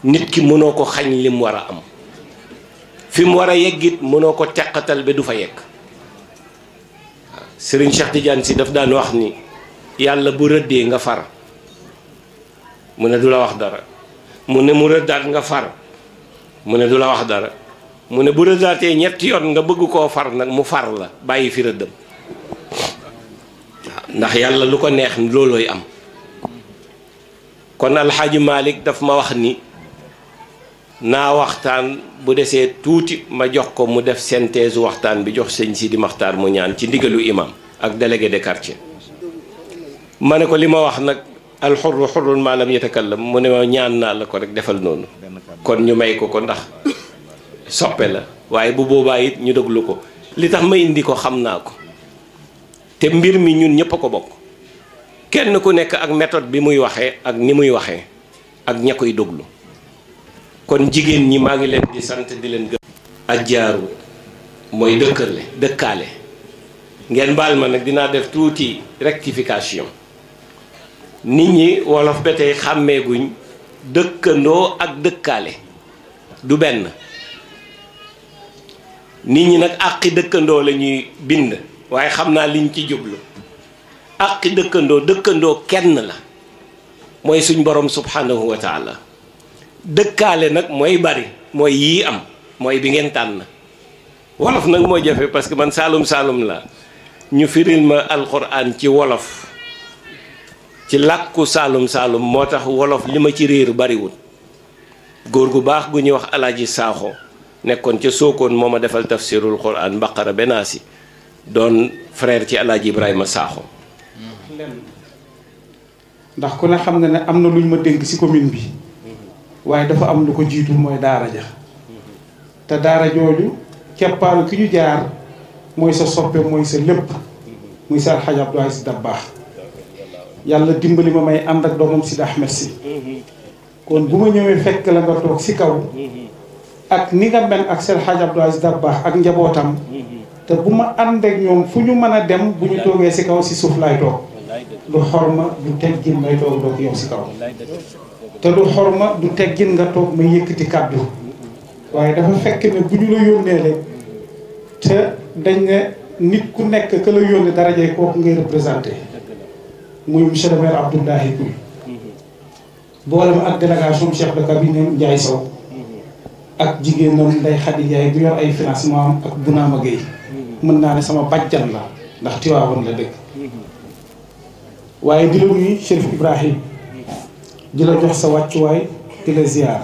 nit ki mënoo ko xañ li mu war a am fi mu war a yeggit mënoo ko teqatal ba du fa yegg Serigne Cheikh Tidiane si daf daan wax ni yàlla bu rëddee nga far mu ne du la wax dara mu ne mu rëddaat nga far mu ne du la wax dara mu ne bu rëddaatee ñetti yoon nga bëgg koo far nag mu far la bàyyi fi rëddam ndax yàlla lu ko neex loolooy am kon alxaaji Malick daf ma wax ni naa waxtaan bu desee tuuti ma jox ko mu def senteesu waxtaan bi jox sëñ Sidi Maxtaar mu ñaan ci ndigalu imam ak délégué de quartier ma ne ko li ma wax nag alxurru xurrun maalam yatakallam mu ne ma ñaan naa la ko rek defal noonu kon ñu may ko ko ndax soppe la waaye bu boobaa it ñu déglu ko li tax ma indi ko xam naa ko te mbir mi ñun ñëpp ko bokk kenn ku nekk ak méthode bi muy waxee ak ni muy waxee ak ña koy déglu kon jigéen ñi maa ngi leen di sant di leen gëm ak jaaru mooy dëkkale dëkkaale ngeen baal ma nag dinaa def tuuti rectification nit ñi wolof ba tey xàmmeeguñ dëkkandoo ak dëkkaale du benn nit ñi nag àqi dëkkandoo la ñuy bind waaye xam naa liñ ci jublu àqi dëkkandoo dëkkandoo kenn la mooy suñ boroom subhanahu wa taala dëkkaale nag mooy bari mooy yii am mooy bi ngeen tànn wolof nag moo jafe parce que man saalum saalum la ñu firil ma alxuraan ci wolof ci làkku saalum saalum moo tax wolof li ma ci réer bariwul góor gu baax gu ñuy wax alaaji saaxo nekkoon ca sookoon moo ma defal tafsirul xuraan baqara benaasi doon frère ci alaaji ibrahima saaxo ndax ku ne xam na ne am na lu ñu ma dénk ci commune bi waaye dafa am lu ko jiitu mooy daara ja te daara jooju keppaaru ki ñu jaar mooy sa soppe mooy sa lépp muy sa alxaaj Abdou Aziz Dabakh yàlla dimbali ma may ànd ak doomam Sidi Ahmed si kon bu ma ñëwee fekk la nga toog ci kaw ak ni nga mel ak seen alxaaj Abdou Aziz Dabakh ak njabootam te bu ma ànd ak ñoom fu ñu mën a dem bu ñu toogee ci kaw ci suuf laay toog du xorma du teggin may toog doog yow si kaw te du xor ma du teggin nga toog may yëkkati kàddu waaye dafa fekk ne bu ñu la yónnee rek te dañ ne nit ku nekk ka la yónnee darajay kooku ngay représenté muy monsieur le maire Abdoulaye Pouy boolema ak délégation chef de cabinet Ndiaye Sow ak jigéenam Ndeye Khady Ndiaye bu yor ay financement am ak Bounama Gueye mën naa ne sama bàjjan la ndax Tiwaawan la dëkk waaye di la nuyu Chérif Ibrahim di la jox sa wàccuwaay di la ziar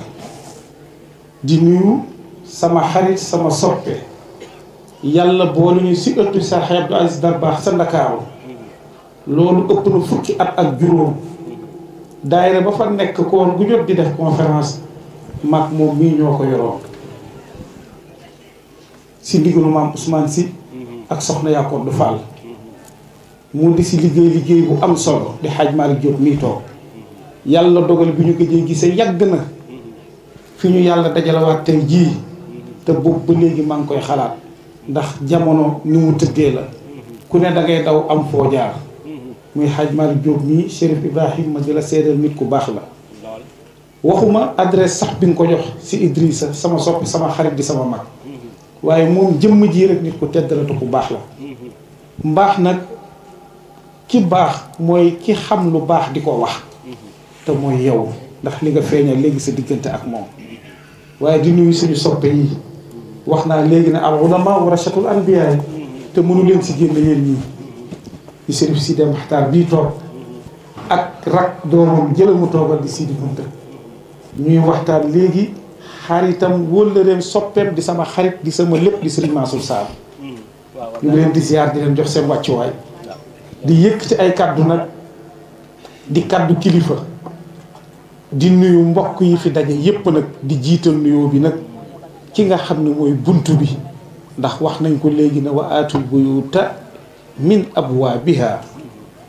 di nuyu sama xarit sama soppe yàlla boole ñu si ëttu sa Cheikh Abdou Aziz Dabakh sa Ndakaaru loolu ëpp na fukki at ak juróom daayira ba fa nekk koon gu jot di def conférence mag moom mii ñoo ko yoroon si ndigalu maam Ousmane si ak soxna Yakoor du Fall mu di si liggéey liggéey bu am solo di xaj Malick jóob mii toog yàlla dogal bi ñu gëjee gisee yàgg na fi ñu yàlla dajalawaat tey jii te boobu bu léegi maa ngi koy xalaat ndax jamono ni mu tëddee la ku ne da ngay daw am foo jaar muy xaaj Malick Diop mii Chérif Ibrahima ma di la seddal nit ku baax la waxuma adresse sax bi nga ko jox si Idrissa sama soppi sama xarit di sama mag waaye moom jëmm ji rek nit ku tedd la te baax la mbaax nag ki baax mooy ki xam lu baax di ko wax te mooy yow ndax li nga feeñal léegi sa diggante ak moom waaye di nuyu suñu soppe yi wax naa léegi ne al ulama warasatul anbiya te mënu leen si génn yéen ñii di Sëriñ Sidi Maxtaar bii toog ak rak doomam jëlal mu toogal di Sidi Munta ñuy waxtaan léegi xaritam wëllëreem soppeem di sama xarit di sama lépp di Sëriñ Mansour Sarr mm. ñu leen di ziar di leen jox seen wàccuwaay di yëkk ci ay kàddu nag di kàddu kilifa di nuyu mbokk yi fi daje yépp nag di jiital nuyoo bi nag ki nga xam ne mooy bunt bi ndax wax nañ ko léegi ne wa aatul buyuta min abwaabiha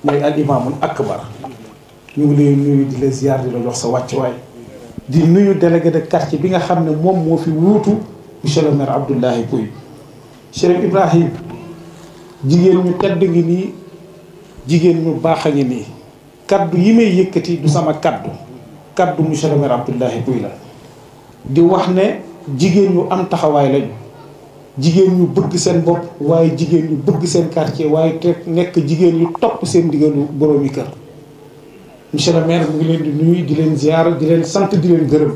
mooy al akbar ñu ngi lay nuyu di la ziar di la jox sa wàccuwaay di nuyu délégué de bi nga xam ne moom moo fi wuutu monsieur le maire Abdoulaye Ibrahim jigéen ñu tedd ngi nii jigéen ñu baax a ngi nii kaddu yi may yëkkati du sama kaddu kaddu monsieur le maire la di wax ne jigéen ñu am taxawaay lañu jigéen ñu bëgg seen bopp waaye jigéen ñu bëgg seen quartier waaye te nekk jigéen ñu topp seen diggalu boroomi kër monsieur le maire ngi leen di nuyu di leen ziar di leen sant di leen gërëm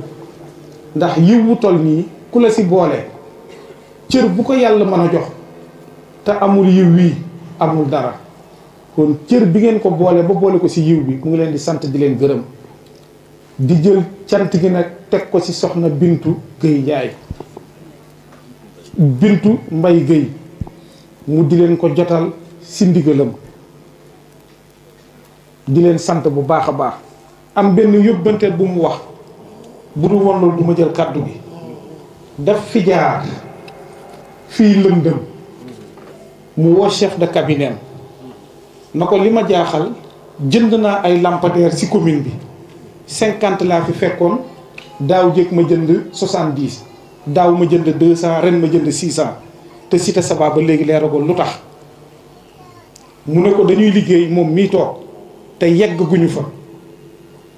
ndax yiw wu toll nii ku la si boole cër bu ko yàlla mën a jox te amul yiw wii amul dara kon cër bi ngeen ko boole ba boole ko ci yiw bi mu ngi leen di sant di leen gërëm di jël cant gi nag teg ko ci soxna Bintu Guèye jaay Bintu mbay Guèye mu di leen ko jotal si ndigalam di leen sant bu baax a baax am benn yóbbante bu mu wax bu dul woon loolu ma jël kàddu gi daf fi jaar fii lëndëm mu woo chef de cabinet na ko li ma jaaxal jënd naa ay lampadaire ci commune bi cinquante laa fi fekkoon daaw jéeg ma jënd soixante dix daaw ma jënd deux cent ren ma jënd six te Cité Saba ba léegi leeragul lu tax mu ne ko dañuy liggéey moom mii toog te yegg guñu fa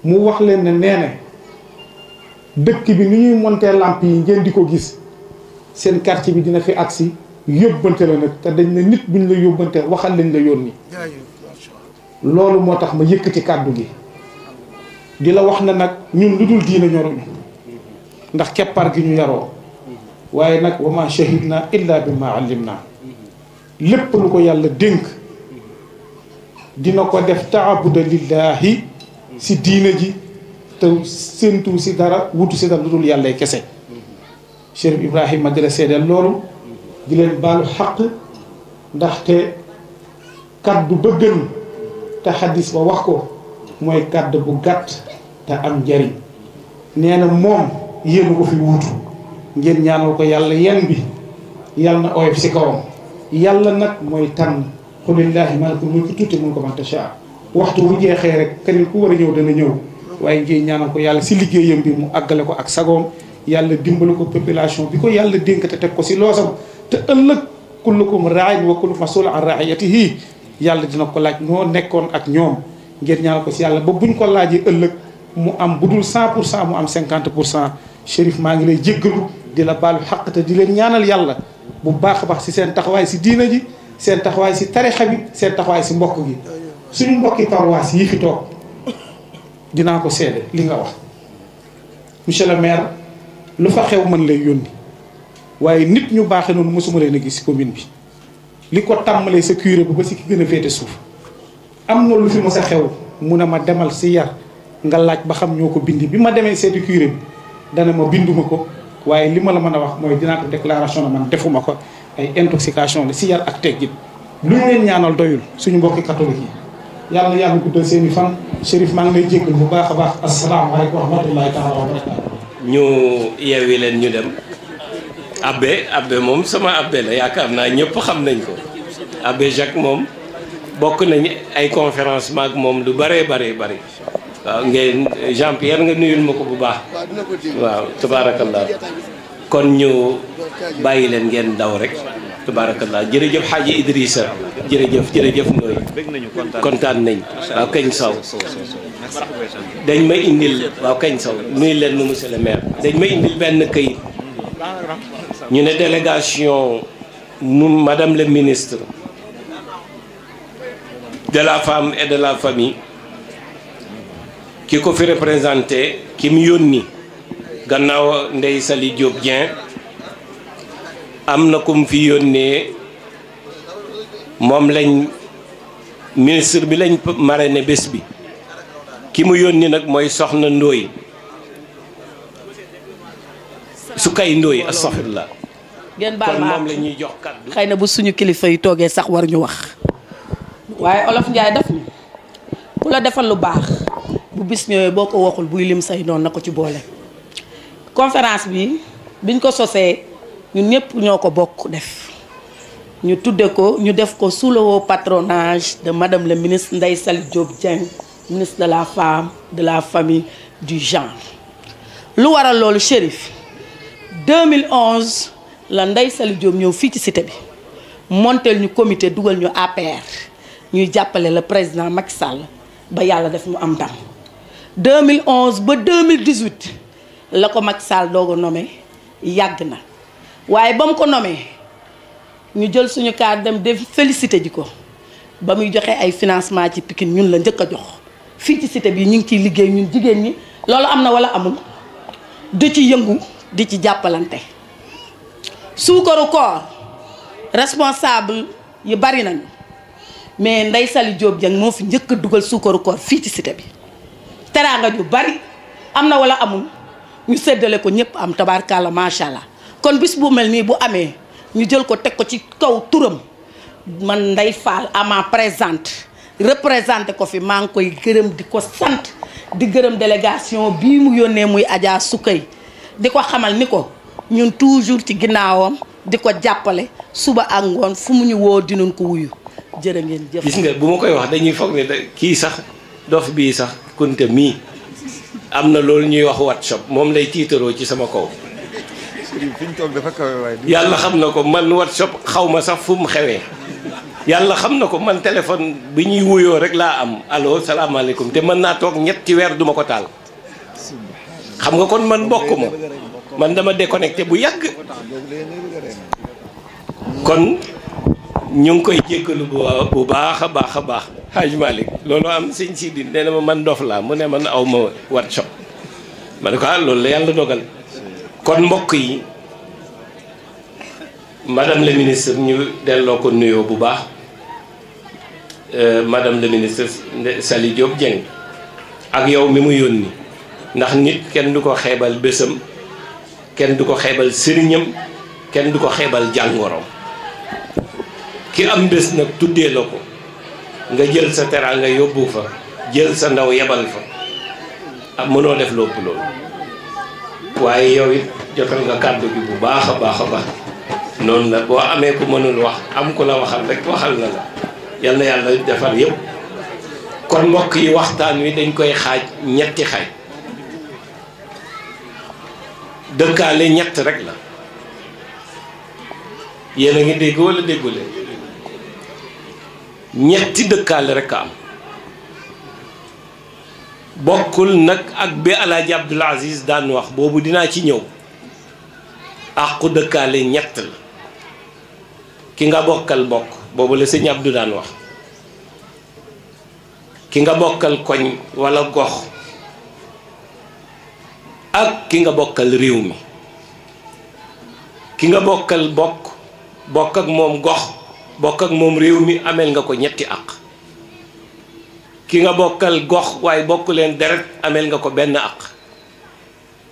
mu wax leen ne nee na dëkk bi ni ñuy montee làmp yi ngeen di ko gis seen quartier bi dina fi agsi yóbbante la nag te dañ ne nit buñ la yóbbante waxal lañ la yónni loolu moo tax ma yëkkati kàddu gi di la wax na nag ñun lu dul diina ñoruñu ndax keppaar gi ñu yaroo waaye nag wa ma shahid naa illa bi ma allim naa lépp lu ko yàlla dénk dina ko def taabuda lillaahi si diina ji te séentuwu si dara wutu si dara lu dul yàllay kese Chérif ma di la seedeel loolu di leen baalu xaq ndaxte kàddu ba gën te xadis ba wax ko mooy kàdd bu gàtt te am njariñ nee na moom yéen ko fi wuutu ngeen ñaanal ko yàlla yan bi yàlla na oyof si kawam yàlla nag mooy tànn xulillaahi ko mulki tuuti mun ko man tasha waxtu bu jeexee rek keneen ku war a ñëw dana ñëw waaye ngeen ñaanal ko yàlla si liggéeyam bi mu àggale ko ak sagoom yàlla dimbali ko population bi ko yàlla dénk teg ko si loosam te ëllëg kullukum raain wa kullukum masul an raiyatihi yàlla dina ko laaj noo nekkoon ak ñoom ngeen ñaan ko si yàlla ba buñ ko laajee ëllëg mu am bu dul cent pour cent mu am cinquante pour cent Chérif maa ngi lay jéggalu di la baalu xaq di leen ñaanal yàlla bu baax a baax si seen taxawaay si diina ji seen taxawaay si tarixa bi seen taxawaay si mbokk gi suñu mbokki paroisse yi fi toog dinaa ko seede li nga wax monsieur le maire lu fa xew mën lay yónni waaye nit ñu baaxee noonu mosuma leen a gis commune bi li ko tàmmalee sa curé bu ba si ki gën a féete suuf am na lu fi mos a xew mu ne ma demal si yar nga laaj ba xam ñoo ko bind bi ma demee seeti curé bi dana ma binduma ko waaye li ma la mën a wax mooy dinaa ko déclaration la man defuma ko ay intoxication le si yar ak teggin lu ñu leen ñaanal doyul suñu mbokki catholique yi yàlla yàlla guddal seeni i fan Chérif maa ngi lay jéggal bu baax a baax asalaamaaleykum wa rahmatullahi taala wa barakatu ñu yeewi leen ñu dem abbé abbé moom sama abbé la yaakaar naa ñëpp xam nañ ko abbé Jacques moom bokk nañ ay conférence maag moom lu bëree bëree bëri waaw ngeen Jean Pierre nga nuyul ma ko bu baax waaw tabaarakallah kon ñu bàyyi leen ngeen daw rek tabaarakallah jërëjëf xaaji Idrissa jërëjëf jërëjëf Ndoye kontaan nañ waaw kañ saw dañ ma indil waaw kañ saw nuyu leen nu monsieur le maire dañ ma indil benn këyit hmm. ñu ne délégation nu madame le ministre de la femme et de la famille ki ko fi représenté ki mu yónni gannaaw Ndeye Saly Diop am na ko mu fi yónnee moom lañ ministre bi lañ marraine bés bi ki mu yónni nag mooy Soxna Ndoye su Ndoye astaghfirullah ngeen baal ma moom la ñuy jox xëy na bu suñu kilifa yi toogee sax war ñu wax waaye olof Ndiaye daf ni ku la defal lu baax bu bis ñëwee boo ko waxul buy lim say noon na ko ci boole conférence bi biñ ko sosee ñun ñëpp ñoo ko bokk def ñu tuddee ko ñu def ko sous le patronage de madame le ministre Ndeye Saly Diop Dieng ministre de la femme de la famille du genre lu waral loolu Chérif 2011 la ndey Saly Diop fii ci cité bi monteel ñu comité dugal ñu APR ñuy jàppale la président Macky Sall ba yàlla def mu am ndam 2011 ba 2018 la ko mag Sall doo ko nommé yàgg na waaye ba mu ko nomee ñu jël suñu carte dem def félicité ji ko ba muy joxe ay financement ci pikin ñun la njëkk a jox fii ci cité bi ñu ngi ciy liggéey ñun jigéen ñi loolu am na wala amul du ci yëngu. di ci jàppalante suukaru koor responsable yi bari nañu mais ndey Saly Diop jën moo fi njëkk dugal suukaru koor fii ci cité bi teraanga ju bari am na wala amul ñu séddale ko ñëpp am tabaarkàlla macha allah kon bis bu mel nii bu amee ñu jël ko teg ko ci kaw turam man ndey Fall Ama présente représenté ko fi maa ngi koy gërëm di ko sant di gërëm délégation bii mu yónnee muy Adja Sukay di ko xamal ni ko ñun toujours ci ginnaawam di ko jàppale suba ak ngoon fu mu ñu woo dinañ ko wuyu jërë ngeen jëf. gis nga bu ma koy wax dañuy foog ne kii sax dof bii sax kunte mii am na loolu ñuy wax WhatsApp moom lay tiitaroo ci sama kaw. yàlla xam na ko man WhatsApp xaw ma sax fu mu xewee. yàlla xam na ko man téléphone bi ñuy wuyoo rek laa am allo salaamaaleykum te mën naa toog ñetti weer duma ko taal. xam nga kon man bokk ma man dama déconnecté bu yàgg kon ñu ngi koy jéggalu bu baax a baax a baax Haj Malick loolu am sëñ Sidi nee na ma man dof laa mu ne man aw ma workshop ma ne ko ah loolu la yàlla dogal kon mbokk yi madame la ministre ñu delloo ko nuyoo bu baax euh, madame la ministre Sali Diop Dieng ak yow mi mu yónni ndax nit kenn du ko xeebal bésam kenn du ko xeebal sëriñam kenn du ko xeebal jàngoroom ki am bés nag tuddee la ko nga jël sa teraanga yóbbu fa jël sa ndaw yebal fa am ah, mënoo def lopp loolu waaye yow it jotal nga kàddu bi bu baax a baax a baax noonu la boo amee ku mënul wax am ku la waxal rek waxal na la yal yàlla defar yëpp kon mbokk yi waxtaan wi dañ koy xaaj ñetti xaaj dëkkaale ñett rek la yéen a ngi dégg wala dégguleen ñetti dëkkaale rekk a am bokkul nag ak bi alaaji Abdul Aziz daan wax boobu dinaa ci ñëw àqu dëkkaale ñett la ki nga bokkal bokk boobu la sëñ Abdou daan wax ki nga bokkal koñ walla gox ak ki nga bokkal réew mi ki nga bokkal bokk bokk ak moom gox bokk ak moom réew mi ameel nga ko ñetti àq ki nga bokkal gox waaye bokk leen deret ameel nga ko benn àq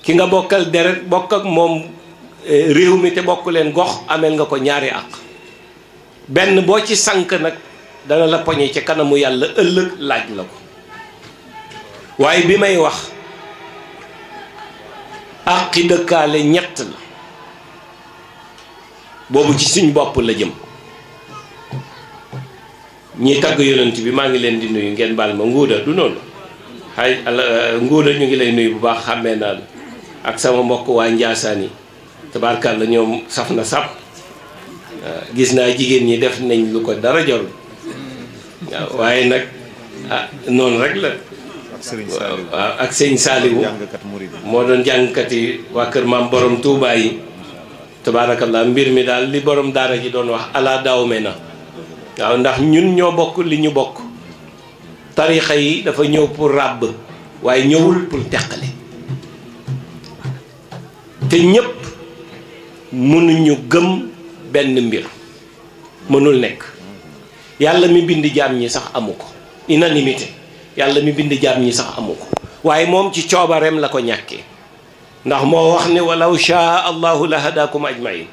ki nga bokkal deret bokk ak moom eh, réew mi te bokk leen gox ameel nga ko ñaari àq benn boo ci sànk nag dana la poñe ci kanamu yàlla ëllëg laaj la ko waaye bi may wax àqi dëkkaale ñett la boobu ci suñ bopp la jëm ñi tagg yonent bi maa ngi leen di nuyu ngeen baal ma nguuda du noonu hay nguuda ñu ngi lay nuyu bu baax xàmmee naa la ak sama mbokk waa Njaasaan yi tabaarkaal la ñoom saf na sàpp gis naa jigéen ñi def nañ lu ko dara jarul waaye nag ah noonu rek la waaw ak sëñ Saliou moo doon jàngkat yi waa kër maam borom Touba yi mbir mi daal li borom daara ji doon wax ala daawme na waaw ndax ñun ñoo bokk li ñu bokk tarixa yi dafa ñëw pour ràbb waaye ñëwul pour teqale te ñëpp mënuñu gëm benn mbir mënul nekk yàlla mi bind jaam ñi sax amu ko unanimité yàlla mi bind jaam ñi sax amu ko waaye moom ci coobareem la ko ñàkkee ndax moo wax ne walaw shaa allahu la hadakum ajmain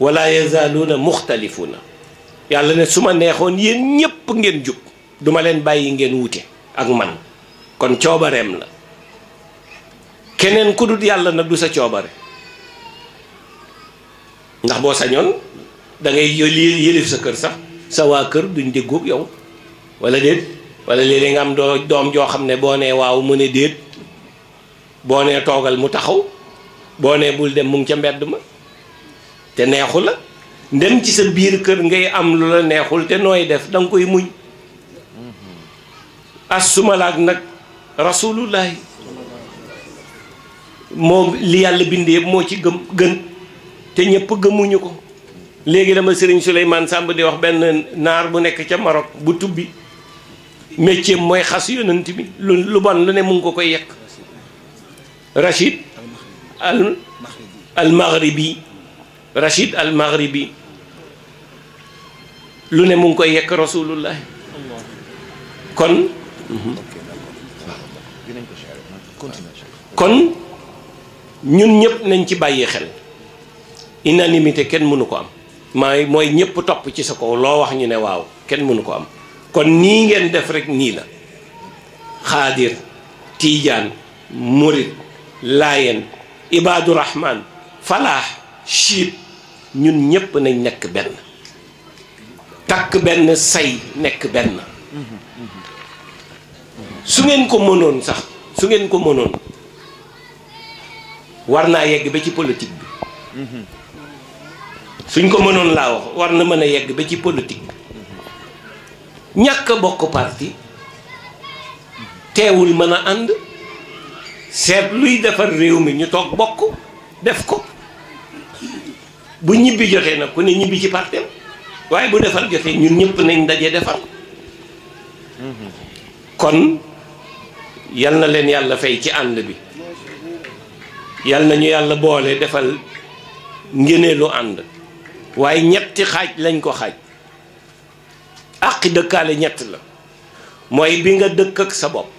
wala yazaaluuna na yàlla ne su ma neexoon yéen ñépp ngeen jub duma leen bàyyi ngeen wuti ak man kon coobareem la keneen ku dut yàlla na du sa coobare ndax boo sañoon da ngay yëlif sa kër sax sa waa kër duñ déggoog yow wala déet wala léeg nga am doo doom joo xam ne boo nee waaw mu ne déet boo ne toogal mu taxaw boo nee bul dem mu ca mbedd ma te neexu la ndem ci sa biir kër ngay am lu la neexul te nooy def danga koy muñ as sumalaag nag rasulullahi moo li yàlla bind yëpp moo ci gëm gën te ñëpp gëmuñu ko léegi dama sëriñ Souleymane sàmb di wax benn naar bu nekk ca Maroc bu tubbi métier mooy xas yonent bi lu lu bon lu ne mu ngi ko koy yekk Rachid al al maghribi Rachid al maghribi lu ne mu ngi koy yekk rasulullah kon kon ñun ñëpp nañ ci bàyyi xel unanimité kenn mënu ko am maay mooy ñëpp topp ci sa kaw loo wax ñu ne waaw kenn mënu ko am kon nii ngeen def rek nii la xaadir tiijaan murit layen ibaadu rahmaan falaax chiib ñun ñépp nañ nekk benn takk benn say nekk benn su ngeen ko mënoon sax su ngeen ko mënoon war naa yegg ba ci politique bi mhm. suñ ko mënoon laa wax war na mën a yegg ba ci politik ñàkk a bokk parti teewul mën a ànd seet luy defar réew mi ñu toog bokk def ko bu ñibbi jotee nag ku ne ñibbi ci partem waaye bu defar jotee ñun ñëpp nañ daje defar kon yal na leen yàlla fay ci ànd bi yal na ñu yàlla boole defal ngéneelu ànd waaye ñetti xaaj lañ ko xaaj àqi dëkkaale ñett la mooy bi nga dëkk ak sa bopp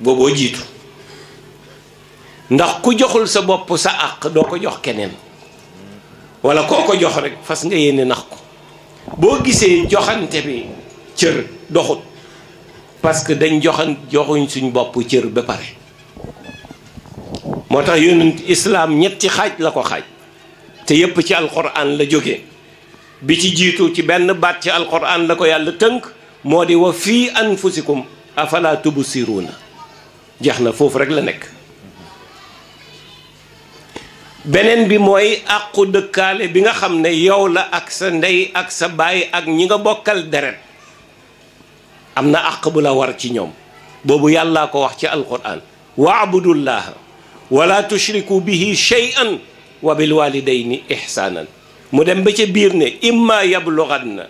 booboo jiitu ndax ku joxul sa bopp sa àq doo ko jox keneen wala koo ko jox rek fas nga yéene nax ko boo gisee joxante bi cër doxut parce que dañ joxan joxuñ suñ bopp cër ba pare moo tax yonent islaam ñetti xaaj la ko xaaj te yépp ci alxuraan la jóge bi ci jiitu ci benn baat ci alquran la ko yàlla tënk moo di wa fii anfusikum bu tubsiruuna jeex na foofu rek la nekk beneen bi mooy àqu dëkkaale bi nga xam ne yow la ak sa ndey ak sa baay ak ñi nga bokkal deret am na àq bu la war ci ñoom boobu yàllaa ko wax ci alquran waabudullaha wala tushriku bihi shay'an wa bil walidayni ihsaanan mu dem ba ca biir ne imma yabluganna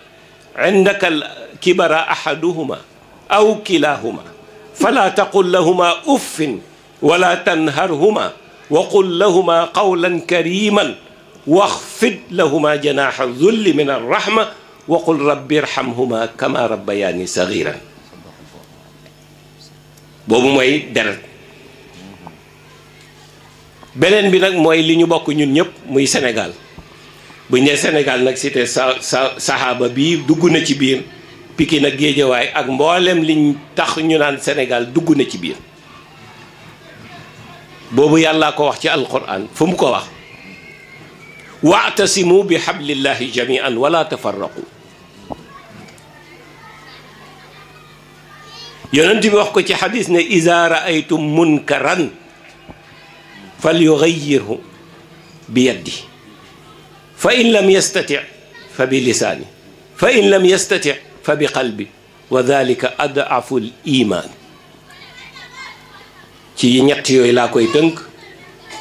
indaka al kibara ahaduhuma aw kilahuma fala taqul lahuma uffin wala tanharhuma wa qul lahuma qawlan kariman waxfid lahuma janaxa zulli min arrahma wa qul rabbi irhamhuma kama rabbayaani sagiran boobu mooy deret beneen bi nag mooy li ñu bokk ñun ñëpp muy Sénégal bu ñu nee Sénégal nag cité sa sa saxaaba bii dugg na ci biir Pikine ak Géejawaay ak mboolem liñ tax ñu naan Sénégal dugg na ci biir boobu yàllaa ko wax ci alquran fu mu ko wax waatasimu bi hablillahi jamian wala tafarraqu yonent bi wax ko ci xadis ne iza raaytum munkaran fal yugayyirhu bi yaddi fa in lam yastati fa bi lisaani fa in lam yastati fa bi qalbi wa dalika adafu ci ñett yooyu laa koy tënk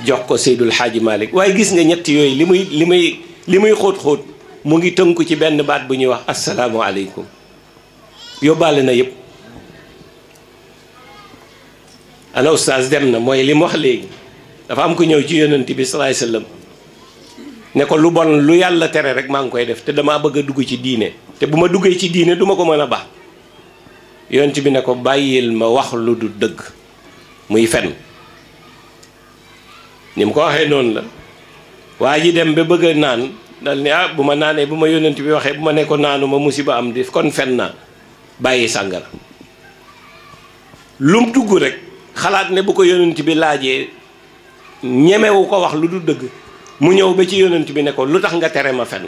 jox ko Seydul Xaaji Malik waaye gis nga ñett yooyu li muy li muy li muy xóot-xóot mu ngi tënku ci benn baat bu ñuy wax asalaamualeykum yóbbaale na yépp ana oustaz dem na mooy li mu wax léegi dafa am ko ñëw ci yonent bi salaay sallam ne ko lu bon lu yàlla tere rek maa ngi koy def te damaa bëgg dugg ci diine te bu ma duggee ci diine duma ko mën a baax yonent bi ne ko bàyyil ma wax lu du dëgg muy fen ni mu ko waxee noonu la waa ji dem ba bëgg naan dal ni ah bu ma naanee bu ma yonent bi waxee bu ma ne ko naanu ma musiba am di kon fen naa bàyyi sàngara lum dugg rek xalaat ne bu ko yonent bi laajee ñemewu ko wax lu dul dëgg mu ñëw ba ci yonent bi ne ko lu tax nga tere ma fen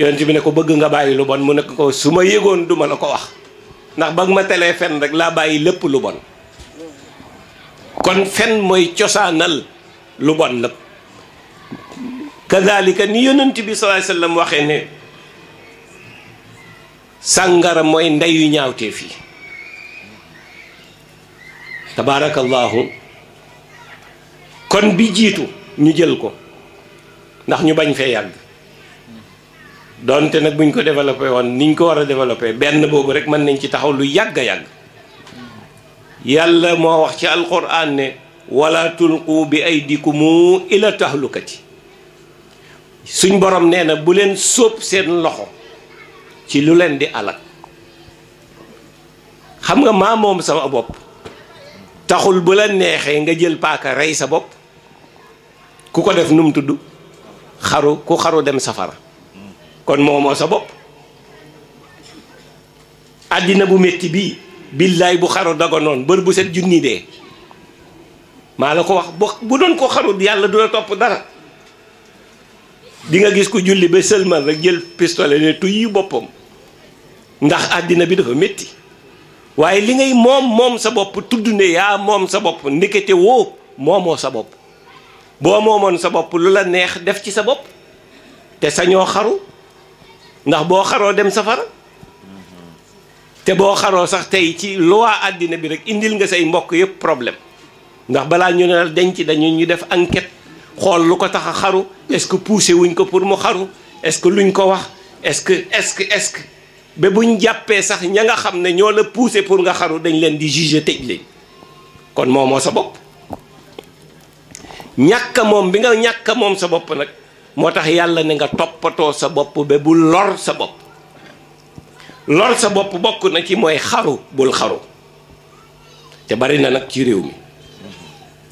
yonent bi ne ko bëgg nga bàyyi lu bon mu ne ko su ma yëgoon du la ko wax ndax ba ma telee fen rek laa bàyyi lépp lu bon kon fen mooy cosaanal lu bon lépp kadalika ni yonent bi sallallahu la wasallam waxee ne sàngara mooy ndeyu ñaawteef yi tabaarakallahu kon bi jiitu ñu jël ko ndax ñu bañ fee yàgg donte nag buñ ko développé woon niñ ko war a développé benn boobu rek mën nañ ci taxaw lu yàgg yàgg yàlla moo wax ci alquran ne wala tulqu bi ay aydikum ila tahlukati suñ borom nee na bu leen sopp seen loxo ci lu leen di alak xam nga maa moom sama bopp taxul bu la neexee nga jël paaka rey sa bopp ku ko def nu mu tudd xaru ku xaru dem safara kon moomoo sa bopp àddina bu metti bii billaay bu xaru daganoon bër bu set junni dee maa la ko wax bo bu doon ko xaru yàlla du la topp dara di nga gis ku julli ba sëlmal rek jël pistolet ne tuy boppam ndax àddina bi dafa metti waaye li ngay moom moom sa bopp tudd ne yaa moom sa bopp ndekete woo moomoo sa bopp boo moomoon sa bopp lu la neex def ci sa bopp te sañoo xaru ndax boo xaroo dem safara te boo xaroo sax tey ci loi àddina bi rek indil nga say mbokk yëpp problème ndax balaa ñu ne denc dañu ñu def enquête xool lu ko tax a xaru est-ce que poussé wuñ ko pour mu xaru est-ce que luñ ko wax est-ce que est-ce que est-ce que ba buñ jàppee sax ña nga xam ne ñoo la poussé pour nga xaru dañ leen di juger tëj leen kon moomoo sa bopp ñàkk moom bi nga ñàkk moom sa bopp nag moo tax yàlla ne nga toppatoo sa bopp ba bu lor sa bopp lor sa bopp bokk na ci mooy xaru bul xaru te bari na nag ci réew mi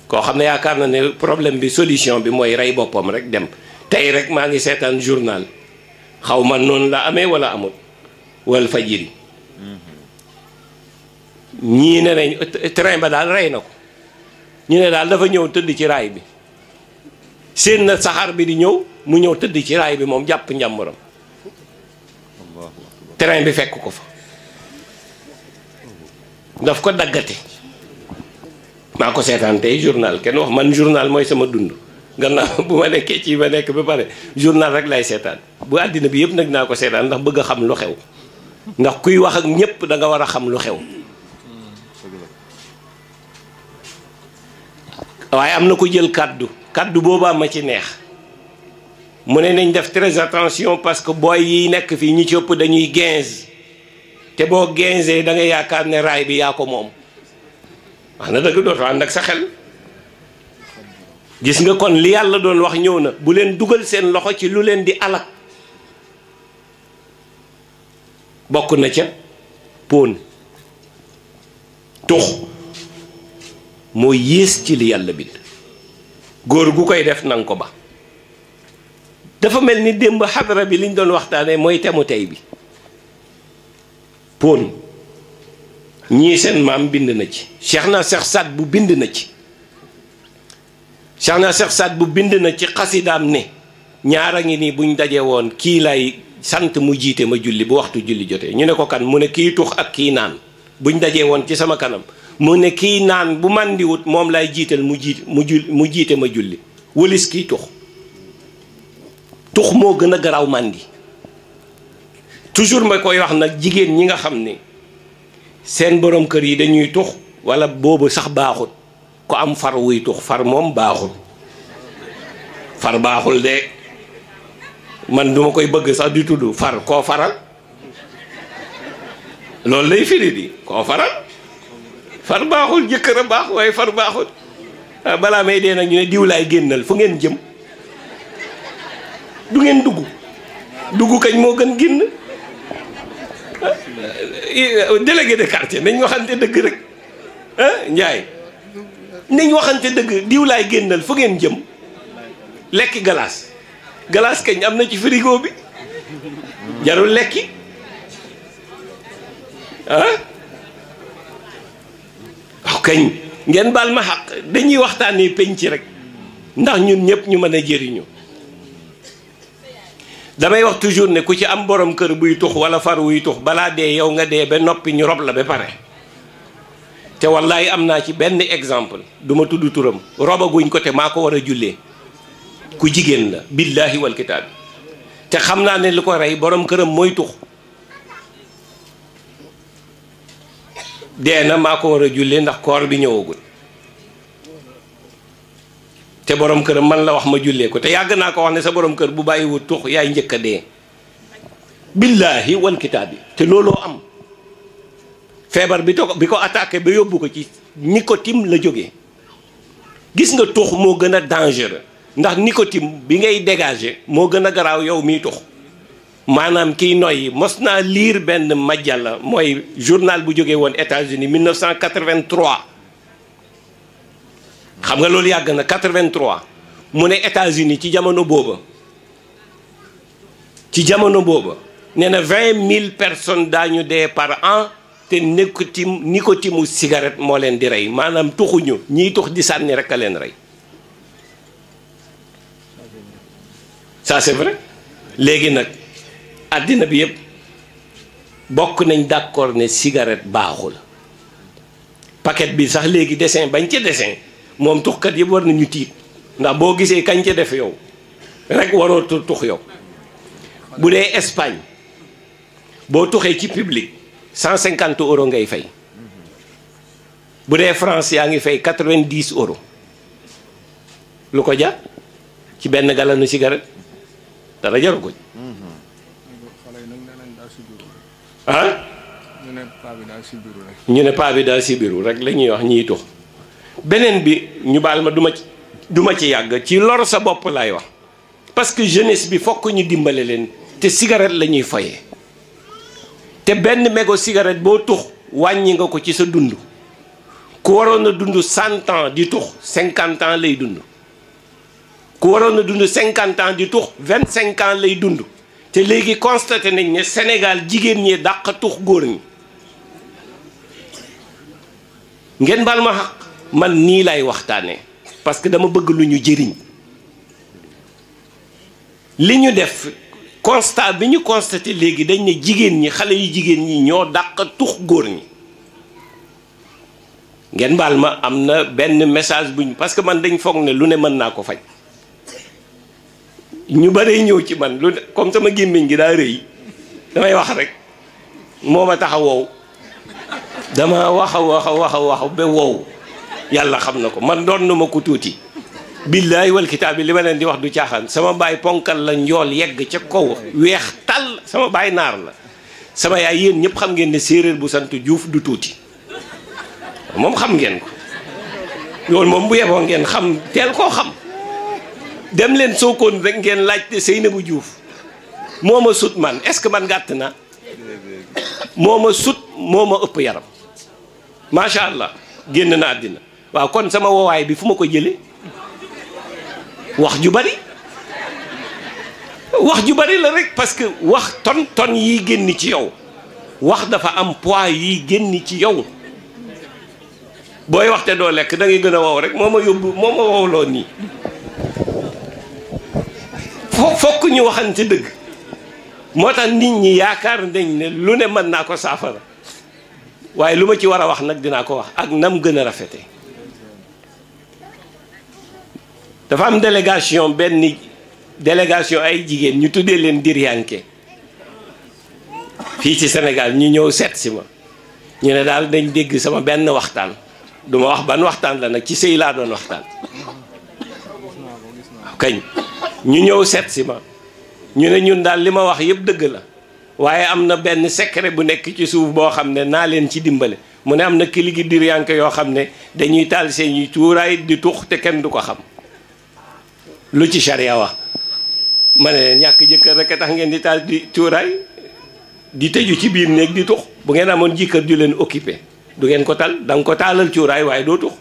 koo xam ne yaakaar na ne problème bi solution bi mooy rey boppam rek dem tey rek maa ngi seetaan journal xaw ma noonu la amee wala amul wal fajiri mhm. ñii ne nañ train ba daal rey na ko ñu ne daal dafa ñëw tëdd ci raay bi séen na saxaar bi di ñëw mu ñëw tëdd ci raay bi moom jàpp njàmburam train bi fekk ko fa daf ko daggate maa ko seetaan tey journal kenn wax man journal mooy sama dund gannaaw bu ma nekkee ci ma nekk ba pare journal rek lay seetaan bu àddina bi yëpp nag naa ko seetaan ndax bëgg a xam lu xew ndax kuy wax ak ñépp danga war a xam lu xew waaye am na ko jël kàddu kàddu boobaa ma ci neex mu ne nañ def très attention parce que booy yi nekk fii ñi ci dañuy guinze te boo guinzee da nga yaakaar ne raay bi yaa ko moom wax na dëgg dootoo ànd ak sa xel gis nga kon li yàlla doon wax ñëw na bu leen dugal seen loxo ci lu leen di alak bokk na ca póon tux moo yées ci li yàlla bind góor gu koy def nanga ko ba dafa mel ni démb xadara bi liñ doon waxtaanee mooy temu tey bi pon ñii seen maam bind na ci Cheikh na Cheikh Saad bu bind na ci Cheikh na Cheikh bu bind na ci xasidaam ne ñaar a ngi nii buñ dajee woon kii lay sant mu jiite ma julli bu waxtu julli jotee ñu ne ko kan mu ne kii tux ak kii naan buñ dajee woon ci sama kanam mu ne kii naan bu màndiwut moom laay jiital mu jiit mu jul mu jiite ma julli wëlis kii tux tux moo gën a garaaw màndi toujours ma koy wax nag jigéen ñi nga xam ne seen borom kër yi dañuy tux walla boobu sax baaxut ku am far wuy tux far moom baaxul far baaxul de man duma koy bëgg sax di tudd far koo faral loolu lay firi koo faral far baaxul jëkkër a baax waaye far baaxul ah, balaa may dee nag ñu ne diw laay génnal fu ngeen jëm du ngeen dugg dugg kañ moo gën génn ah, eh, délégué de quartier nañ waxante dëgg rek ah, Njaay nañ waxante dëgg diw laay génnal fu ngeen jëm lekki galaas galaas kañ am na ci frigo bi jarul lekki kañ ngeen baal ma xaq dañuy waxtaanee penc rek ndax ñun ñëpp ñu mën a jëriñu damay wax toujours ne ku ci am borom kër buy tux wala far wuy tux balaa dee yow nga dee ba noppi ñu rob la ba pare te wallaay am naa ci benn exemple duma tudd turam robaguñ ko te maa ko war a jullee ku jigéen la billaahi wal te xam naa ne lu ko rey borom këram mooy tux dee na maa ko war a julli ndax koor bi ñëwagul te borom kër man la wax ma jullee ko te yàgg naa ko wax ne sa borom kër bu bàyyiwul tux yaay njëkk a dee billaahi wal kitaab yi te looloo am feebar bi to bi ko attaque ba yóbbu ko ci nicotine la jóge gis nga tux moo gën a dangereux ndax nicotine bi ngay dégager moo gën a garaaw yow miy tux maanaam kiy noyyi mos naa liir benn la mooy journal bu jógee woon États-Unis 1983 xam nga loolu yàgg na 83 mu ne États-Unis ci jamono booba ci jamono booba nee na vingt mille personnes daañu dee par an te nicotine nicotine moo leen di rey maanaam tuxuñu ñiy tux di sànni rek a leen rey ça c'est vrai léegi nag. àddina bi yëpp bokk nañ d'accord ne cigarette baaxul paquet bi sax léegi desin bañ ca dessin moom tuxkat yëpp war nañu tiit ndax boo gisee kañ ca def yow rek waroo tux yow bu dee Espagne boo tuxee ci public cent cinquante euros ngay fay bu dee France yaa ngi fay quatre-vingt-dix euro lu ko jar ci benn galanu cigarette dara jaru ko ah. ñu ne paa bi daal sibiru rek. ñu ne paa bi daal sibiru rek la ñuy wax ñiy tux beneen bi ñu baal ma duma ma ci du ci yàgg ci loro sa bopp laay wax parce que jeunesse bi fokk ñu dimbale leen te cigarette la ñuy foyee te benn mégo cigarette boo tux wàññi nga ko ci sa dund. ku waroon a dund cent ans di tux cinquante ans lay dund ku waroon a dund cinquante ans di tux vingt cinquante ans lay dund. te léegi constaté nañ ne Sénégal jigéen ñi dàq tux góor ñi ngeen baal ma xaq man nii lay waxtaane parce que dama bëgg lu ñu jëriñ li ñu def constat bi ñu constaté léegi dañ ne jigéen ñi xale yu jigéen ñi ñoo dàq tux góor ñi ngeen baal ma am na benn message buñ parce que man dañ foog ne lu ne mën naa ko faj ñu baree ñëw ci man lu comme sama gémmiñ gi daa rëy damay wax rek moom a tax a wow dama wax a wax a wax a wax ba wow yàlla xam na ko man doon na ma ko tuuti billaay wal kitaab bi li ma leen di wax du caaxaan sama baay ponkal la njool yegg ca kaw weex tal sama baay naar la sama yaay yéen ñëpp xam ngeen ne séeréer bu sant Juuf du tuuti moom xam ngeen ko loolu moom bu yeboo ngeen xam teel koo xam dem leen Sokone rek ngeen laajte Seynabou Diouf moo ma sut man est-ce que man gàtt na moo ma sut moo ma ëpp yaram macha allah génn na àddina waaw kon sama woowaay bi fu ma ko jëlee wax ju bari wax ju bari la rek parce que wax ton ton yi génn ci yow wax dafa am pois yi génn ci yow booy waxte doo lekk da ngay gën a wow rek moo ma yóbbu moo ma wowloo nii fokk ñu waxante dëgg moo tax nit ñi yaakaar nañ ne lu ne mën naa ko saafara waaye lu ma ci war a wax nag dinaa ko wax ak nam gën a rafete dafa am délégation benn délégation ay jigéen ñu tuddee leen diryanke fii ci senegal ñu ñëw seet si ma ñu ne daal dañ dégg sama benn waxtaan duma wax ban waxtaan la nag ci sëy laa doon waxtaan kañ ñu ñëw seet ma ñu ne ñun daal li ma wax yëpp dëgg la waaye am na benn secret bu nekk ci suuf boo xam ne naa leen ci dimbale mu ne am na kiligi diryanke yoo xam ne dañuy taal seen yi cuuraay di tux te kenn du ko xam lu ci charia wax ma ne ñàkk jëkkër rek a tax ngeen di taal di cuuraay di tëju ci biir néeg di tux bu ngeen amoon jëkkër ju leen occupé du ngeen ko tal da nga ko taalal cuuraay waaye doo tux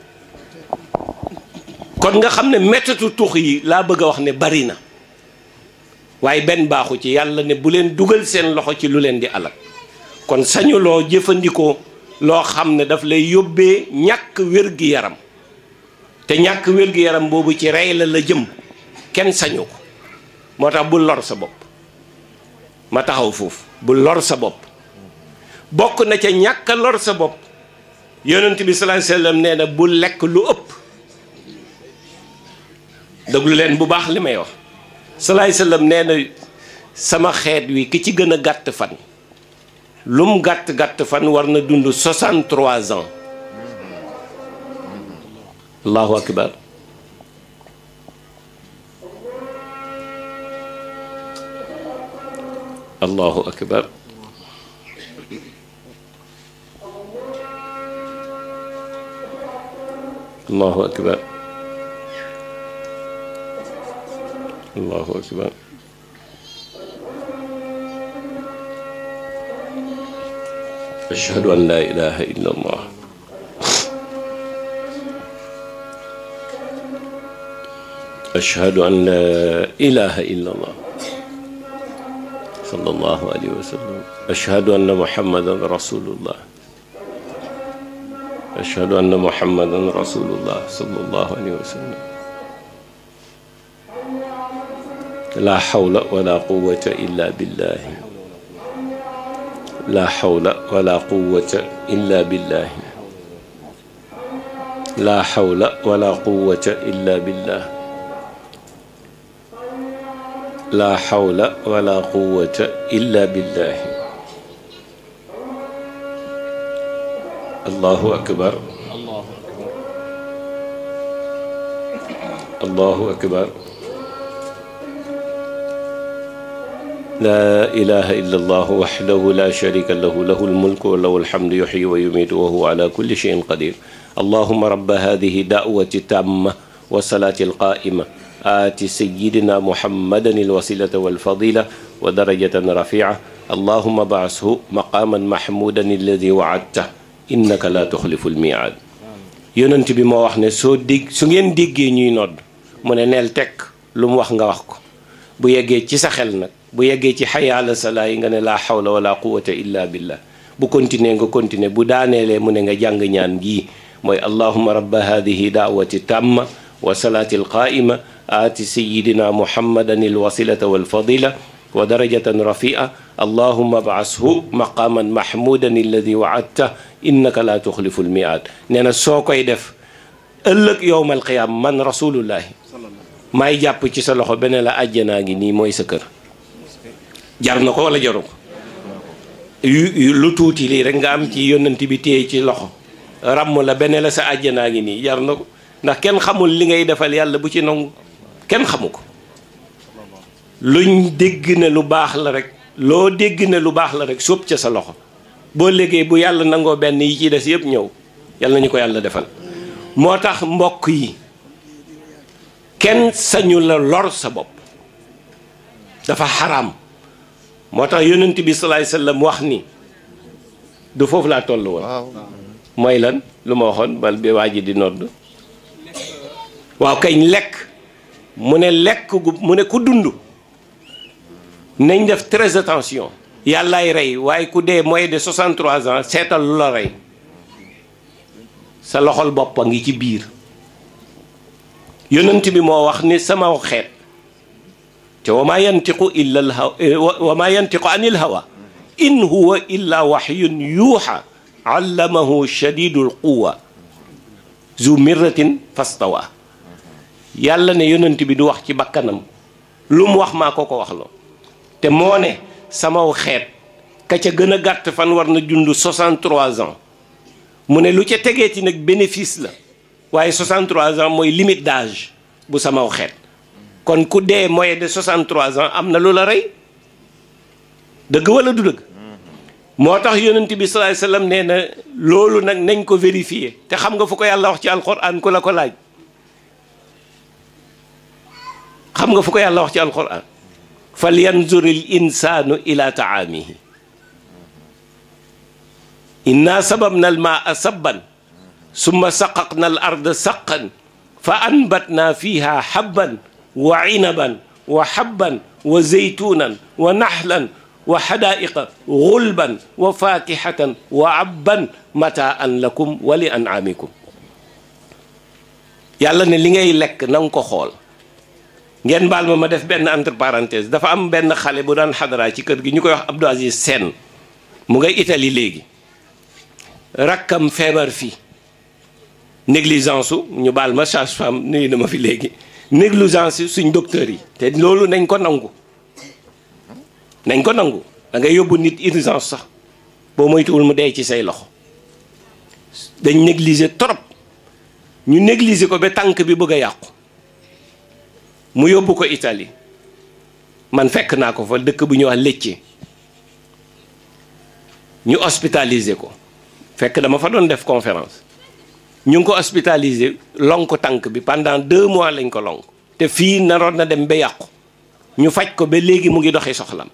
kon nga xam ne méttitu tux yi laa bëgg a wax ne bari na waaye benn baaxu ci yàlla ne bu leen dugal seen loxo ci lu leen di alal kon sañuloo jëfandikoo loo xam ne daf lay yóbbee ñàkk wér-gi-yaram te ñàkk wér-gi-yaram boobu ci rey la la jëm kenn sañu ko moo tax bu lor sa bopp ma taxaw foofu bu lor sa bopp bokk na ca ñàkk lor sa bopp yonent bi sallallahu alayhi nee na bu lekk lu ëpp déglu bu baax li may wax salaay salaam nee sama xeet wi ki ci gën a gàtt fan lum gàtt gàtt fan war na dund 63 ans allahu akbar allahu allahu akbar allahu akbar ashhadu an laa ilaha illa allah ashhadu an laa ilaha illa allah sallallahu alayhi wa sallam ashhadu anna muhammadan rasulullah ashhadu anna muhammadan rasulullah sallallahu alayhi wa sallam laa xawla wala quwata illa billahi laa xawla wala quwata illa billahi laa xawla wala quwata illa billah laa xawla wala quwata illa billahi allahu akbar allahu akbar laa ilaha illa allahu waxdahu la sharika lahu lahu almulku wa lahu alhamdu yuxyi wa yumiitu wa huwa ala kulli cheyin qadir allahuma rabba hadihi daawati tamma wa salaati alqaa'ima aati sayidina muhammadan alwasilata walfadila wa darajatan rafia allahuma baashu maqaaman mahmuudan alladi waadta innaka laa tuxlifu almiaad yonent bi moo wax ne soo dégg su ngeen déggee ñuy nodd mu ne neel tekk lu mu wax nga wax ko bu yeggee ci sa xel nag bu yeggee ci xay ala salaa nga ne laa xawla wala quwata illa la bu continuer nga continuer bu daaneelee mu ne nga jàng ñaan gii mooy allahuma rabba hadihi daawati tamma wa salaati alqaa'ima aati sayidina muhammadan alwasilata walfadila wa darajatan rafia allahuma abcashu maqaaman mahmuudan alladi waadta innaka laa tuxlifu almiaad nee na soo koy def ëllëg yowma alqiyaama man rasulullahi maay jàpp ci sa loxo beneen la àjjanaa ngi nii mooy sa kër jar na ko wala jaru ko lu tuuti lii rek nga am ci yónnent bi téye ci loxo ràmm la beneen la sa àjjanaa ngi nii jar na ko ndax kenn xamul li ngay defal yàlla bu ci nangu kenn xamu ko luñ dégg ne lu baax la rek loo dégg ne lu baax la rek sóob ca sa loxo boo liggéey bu yàlla nangoo benn yi ci des yëpp ñëw yàlla nañu ko yàlla defal moo tax mbokk yi kenn sañu la lor sa bopp dafa xaraam moo tax yonent bi salaay sallam wax ni du foofu laa toll woon mooy lan lu ma waxoon ba bi waa ji di nodd waaw kañ lekk mu ne lekk gu mu ne ku dund nañ def très attention yàllaay rey waaye ku dee moyen de 63 ans seetal lu la rey sa loxol bopp a ngi ci biir yonant bi moo wax ni sama xeet te wa maa yantiqu illa al eh, hawa wa maa yantiqu bi du wax ci bakkanam lu mu wax maa ko ko wax loo te moo ne samaw xeet ka ca gën a gàtt fan war na dund 63 ans mu ne lu ca tege ci nag bénéfice la waaye 63 ans mooy limite d'âge bu samaw xeet kon ku dee moyen de 63 ans am na lu la rey dëgg wala du dëgg moo tax yonent bi salaay salaam nee na loolu nag nañ ko vérifier te xam nga fu ko yàlla wax ci alxuraan ku la ko laaj xam nga fu ko yàlla wax ci alxuraan fal yanzuril insaanu ila taamihi inna sababna al maa sabban summa saqaqna al arda saqan fa anbatna fiha habban wa inaban wa habban wa zeytunan wa naxlan wa xadaa'iqa xulban wa faakihatan wa abban mataan lakum wa li an'amikum yàlla ne li ngay lekk na ko xool ngeen baal ma ma def benn entre parenthèse dafa am benn xale bu daan xadaraa ci kër gi ñu koy wax Abdou Aziz Sène mu nga Italie léegi rakkam feebar fii négligence su ñu baal ma sage-femme nuyu na ma fi léegi négligence suñ docteur yi te loolu nañ ko nangu nañ ko nangu da ngay yóbbu nit urgence sax boo moytuwul mu dee ci say loxo dañ négliger trop ñu négliger ko ba tànk bi bëgg a yàqu mu yóbbu ko itali man fekk naa ko fa dëkk bu ñuy wax Lecce ñu hospitaliser ko fekk dama fa doon def conférence ñu ngi ko hospitalisé lonk tànk bi pendant deux mois lañ ko lonk te fii naroon na dem ba yàqu ñu faj ko ba léegi mu ngi doxee soxlam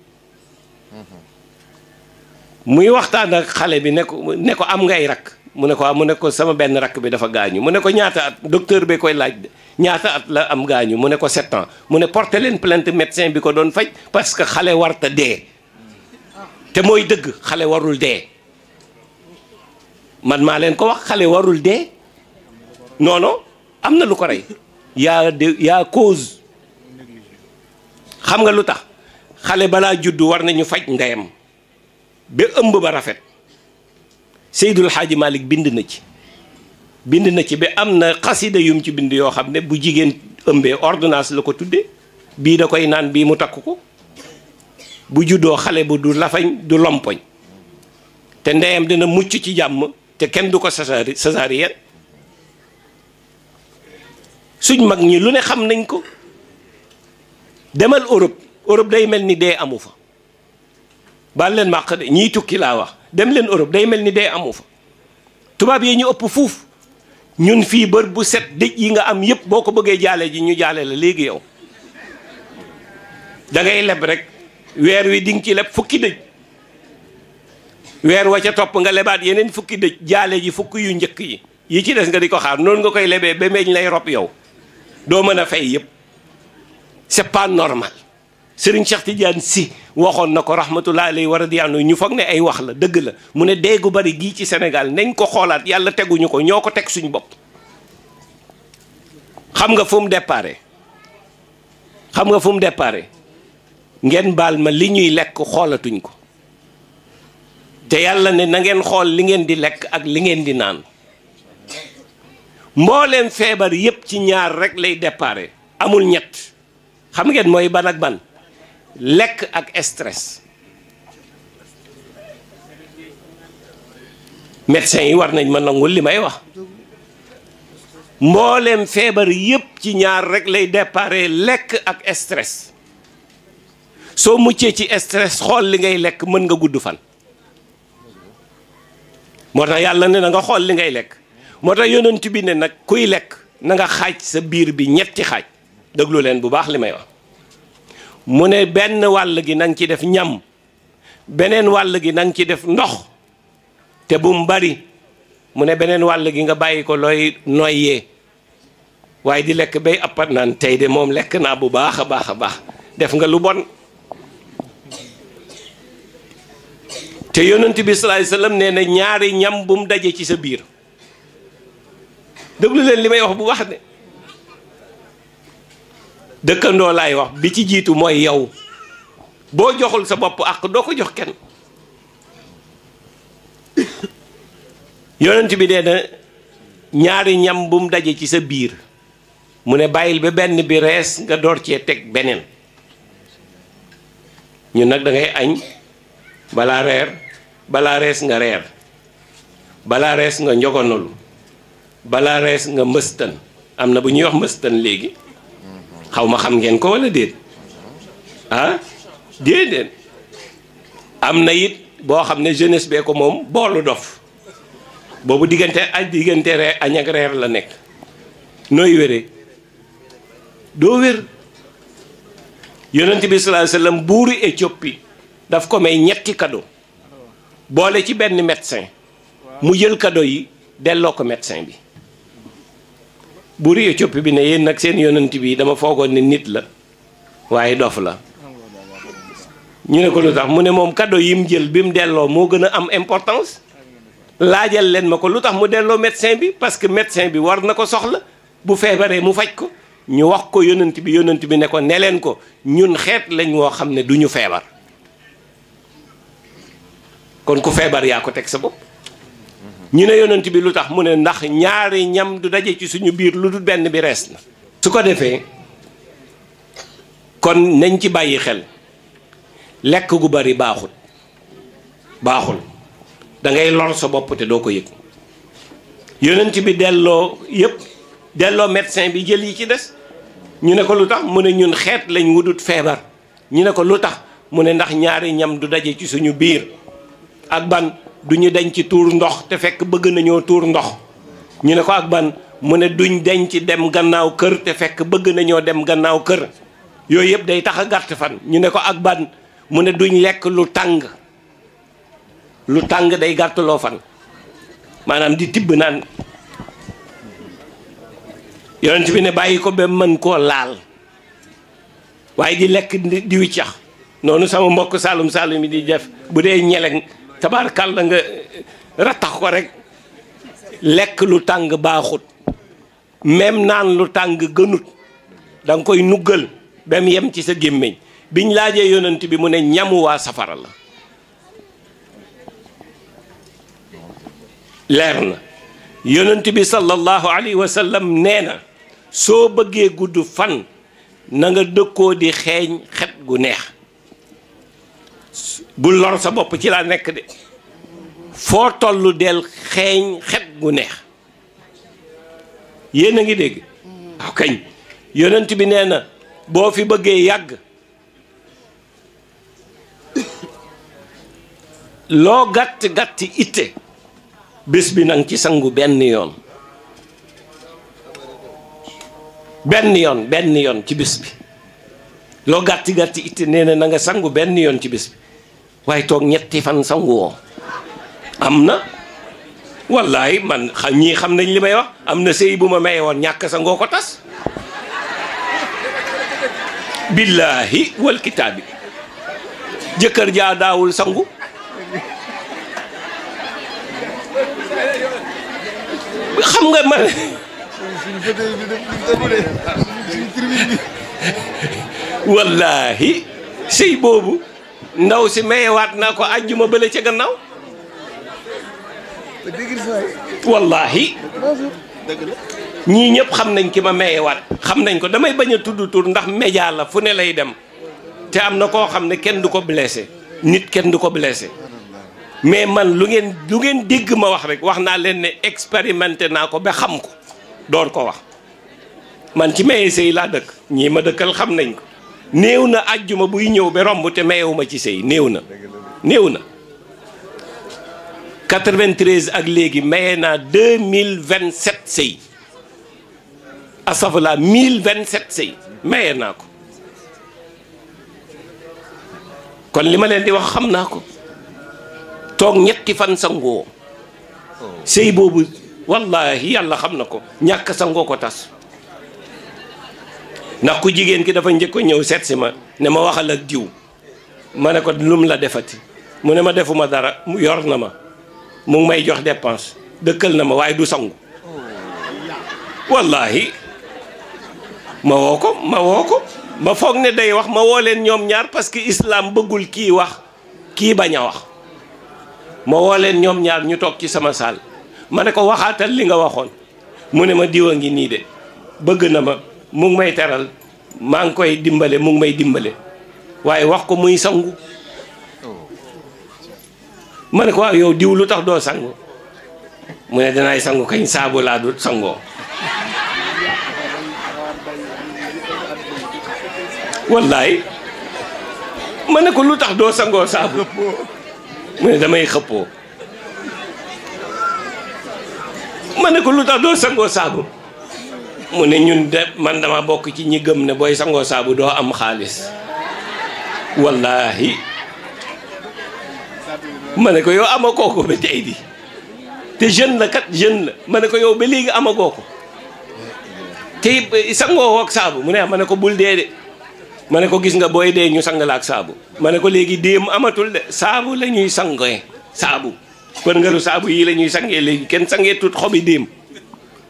muy waxtaan ak xale bi ne ko ne am ngay rakk mu ne ko mu ne ko sama benn rakk bi dafa gaañu mu ne ko ñaata at docteur bee koy laaj de ñaata at la am gaañu mu ne ko sept ans mu ne porté leen plainte médecin bi ko doon faj parce que xale warta dee te mooy dëgg xale warul dee man maa leen ko wax xale warul dee non am na lu ko rey yaa de yaa cause xam nga lu tax xale balaa juddu war nañu faj ndeyam ba ëmb ba rafet Seydul Xaaji Malik bind na ci bind na ci bi am na xasida yum ci bind yoo xam ne bu jigéen ëmbee ordonnance la ko tuddee bii da koy naan bii mu takk ko bu juddoo xale bu du lafañ du lompoñ te ndeyam dana mucc ci jàmm te kenn du ko césarienne suñ mag ñi lu ne xam nañ ko demal Europe Europe day mel ni dee amu fa baal leen màq de ñiy tukki laa wax dem leen Europe day mel ni dee amu fa tubaab yi ñu ëpp fuuf ñun fii bër bu set dëj yi nga am yépp boo ko bëggee jaale ji ñu jaale la léegi yow da leb rek weer wi di nga ci leb fukki dëj weer ca topp nga lebaat yeneen fukki dëj jaale ji fukki yu njëkk yi yi ci des nga di ko xaar noonu nga koy lebee ba meñ lay rob yow doo mën a fay yëpp c'est pas normal Serigne Cheikh Tidiane si waxoon na ko rahmatullahi alayhi wa radiyallahu ñu foog ne ay wax la dëgg la mu ne dee gu bari gii ci Sénégal nañ ko xoolaat yàlla teguñu ko ñoo ko teg suñu bopp. xam nga fu mu xam nga fu mu déparé ngeen baal ma li ñuy lekk xoolatuñ ko te yàlla ne na ngeen xool li ngeen di lekk ak li ngeen di naan. mbooleem feebar yépp ci ñaar rekk lay déparé amul ñett xam ngeen mooy ban ak ban lekk ak stress médecins yi war nañ ma nangul li may wax mboolem feebar yépp ci ñaar rekk lay déparé lekk ak stress soo muccee ci stress xool li ngay lekk mën nga gudd fan moo tax yàlla ne na nga xool li ngay lekk moo tax yonent bi ne nag kuy lekk na nga xaaj sa biir bi ñetti xaaj déglu leen bu baax li may wax mu ne benn wàll gi na nga ci def ñam beneen wàll gi na nga def ndox te bu bari mu ne beneen wàll gi nga bàyyi ko looy noyyee waaye di lekk bay appat tey de moom lekk naa bu baax a baax a baax def nga lu bon te yonent bi sallallahu alayhi wasallam nee na ñaari ñam bu mu daje ci sa biir déglu leen li may wax bu wax ne dëkkandoo laay wax bi ci jiitu mooy yow boo joxul sa bopp ak doo ko jox kenn yonent bi nee na ñaari ñam bu daje ci sa biir mu ne bàyyil ba benn bi rees nga door cee teg beneen ñu nag dangay añ balaa reer balaa rees nga reer balaa rees nga njogonalu balaa rees nga mbëstan am na bu ñuy wax mbëstan léegi xaw ma xam ngeen ko wala déet ah déedéet am na it boo xam ne jeunesse bee ko moom boolu dof boobu diggante ak diggante reer añ ak reer la nekk nooy wéree doo wér yonent bi sallallahu alayhi wasallam buuru Éthiopie daf ko may ñetti cadeau boole ci benn médecin mu jël cadeau yi delloo ko médecin bi buuru Éthiopie bi ne yéen nag seen yonent bi dama foogoon ne nit la waaye dof la ñu ne ko lu tax mu ne moom cadeau yi mu jël bi mu delloo moo gën a am importance laajal leen ma ko lu tax mu delloo médecin bi parce que médecin bi war na ko soxla bu feebaree mu faj ko ñu wax ko yonent bi yonent bi ne ko ne leen ko ñun xeet lañ woo xam ne du ñu feebar kon ku feebar yaa ko teg sa bopp ñu ne yonent bi lu tax mu ne ndax ñaari ñam du daje ci suñu biir lu dul benn bi rees na su ko defee kon nañ ci bàyyi xel lekk gu bari baaxul baaxul dangay ngay lor sa bopp te doo ko yëg yonent bi delloo yëpp delloo médecin bi jël yi ci des ñu ne ko lu tax mu ne ñun xeet lañ wudut feebar ñu ne ko lu tax mu ne ndax ñaari ñam du daje ci suñu biir ak ban du ñu dañ ci tuur ndox te fekk bëgg nañoo tuur ndox ñu ne ko ak ban mu ne duñ denc dem gannaaw kër te fekk bëgg nañoo dem gannaaw kër yooyu yëpp day tax a gàtt fan ñu ne ko ak ban mu ne duñ lekk lu tàng lu tàng day gàttaloo fan maanaam di tibb naan yonent ne bàyyi ko ba mën koo laal waaye di lekk di wiccax noonu sama mbokk saalum saalum yi di def bu dee ñeleng tabaarkàlla nga rattax ko rek lekk lu tàng baaxut même naan lu tàng gënut danga koy nuggal ba mu yem ci sa gémmiñ biñ laajee yonent bi mu ne ñamu waa safara la leer na yonent bi sallallahu alayhi wa nee na soo bëggee gudd fan na nga dëkkoo di xeeñ xet gu neex bu lor sa bopp ci laa nekk de foo tollu del xeeñ xet gu neex yéen a ngi dégg waaw ah, kañ yonent bi neena boo fi bëggee yàgg loo gàtt-gàtt itte bés bi nang ci sangu benn yoon benn yoon benn yoon ci bés bi loo gàtt-gàtt itte nee na na nga sangu benn yoon ci bés bi waaye toog ñetti fan sanguwoo am na wallaay man xam ñii xam nañ li may am na sëy bu ma maye woon ñàkk sangoo ko tas billaahi wal jëkkër jaa daawul sangu xam nga man wallaahi sëy boobu ndaw si mayewaat naa ko àjjuma bële ca gannaaw wallaahi ñii ñëpp xam nañ ki ma mayewaat xam nañ ko damay bañ a tudd tur ndax média la fu ne lay dem te am na koo xam ne kenn du ko blessé nit kenn du ko blessé mais man lu ngeen lu ngeen dégg ma wax rek wax naa leen ne expérimenté naa ko ba xam ko door ko wax man ci maye sëy laa dëkk ñii ma dëkkal xam nañ ko néew na ajjuma buy ñëw ba romb te mayewuma ci sëy néew na néew na 93 ak léegi maye naa mille 2027 sëy asafala 1027 sëy maye naa ko kon li ma leen di wax xam naa ko toog ñetti fan sangoo oh. sëy boobu wallahi yàlla xam na ko ñàkk sangoo ko tas ndax ku jigéen ki dafa njëkk a ñëw seet si ma ne ma waxal ak diw ma ne ko lum la defati mu ne ma defuma dara yor na ma mu may jox dépense dëkkal na ma waaye du sangu wallaahi ma woo ko ma woo ko ma foog ne day wax ma woo leen ñoom ñaar parce que islam bëggul kii wax kii bañ a wax ma woo leen ñoom ñaar ñu toog ci sama saal ma ne ko waxaatal li nga waxoon mu ne ma diw a ngi nii de bëgg na ma mu ngi may teral maa ngi koy dimbale mu ngi may dimbale waaye wax ko muy sangu ma ne ko waaw yow diw lu tax doo sangu mu ne danaay sangu kañ saabu laa du sangoo wallaay ma ne ko lu tax doo sangoo saabu mu damay xëppoo ma ne ko lu tax doo sangoo saabu mu ne ñun de man dama bokk ci ñi gëm ne booy sangoo saabu doo am xaalis wallaahi ma ne ko yow amagoo ko ba tey di te jeune la kat jeune la ma ne ko yow ba léegi amagoo ko te sangoo woog saabu mu ne ah, ma ne ko bul dee de ma ne ko gis nga booy dee ñu sang la ak saabu ma ne ko léegi déem amatul de saabu la ñuy sangoe saabu kon ngaru saabu yii la ñuy sangee léegi kenn sangee tut xobi déem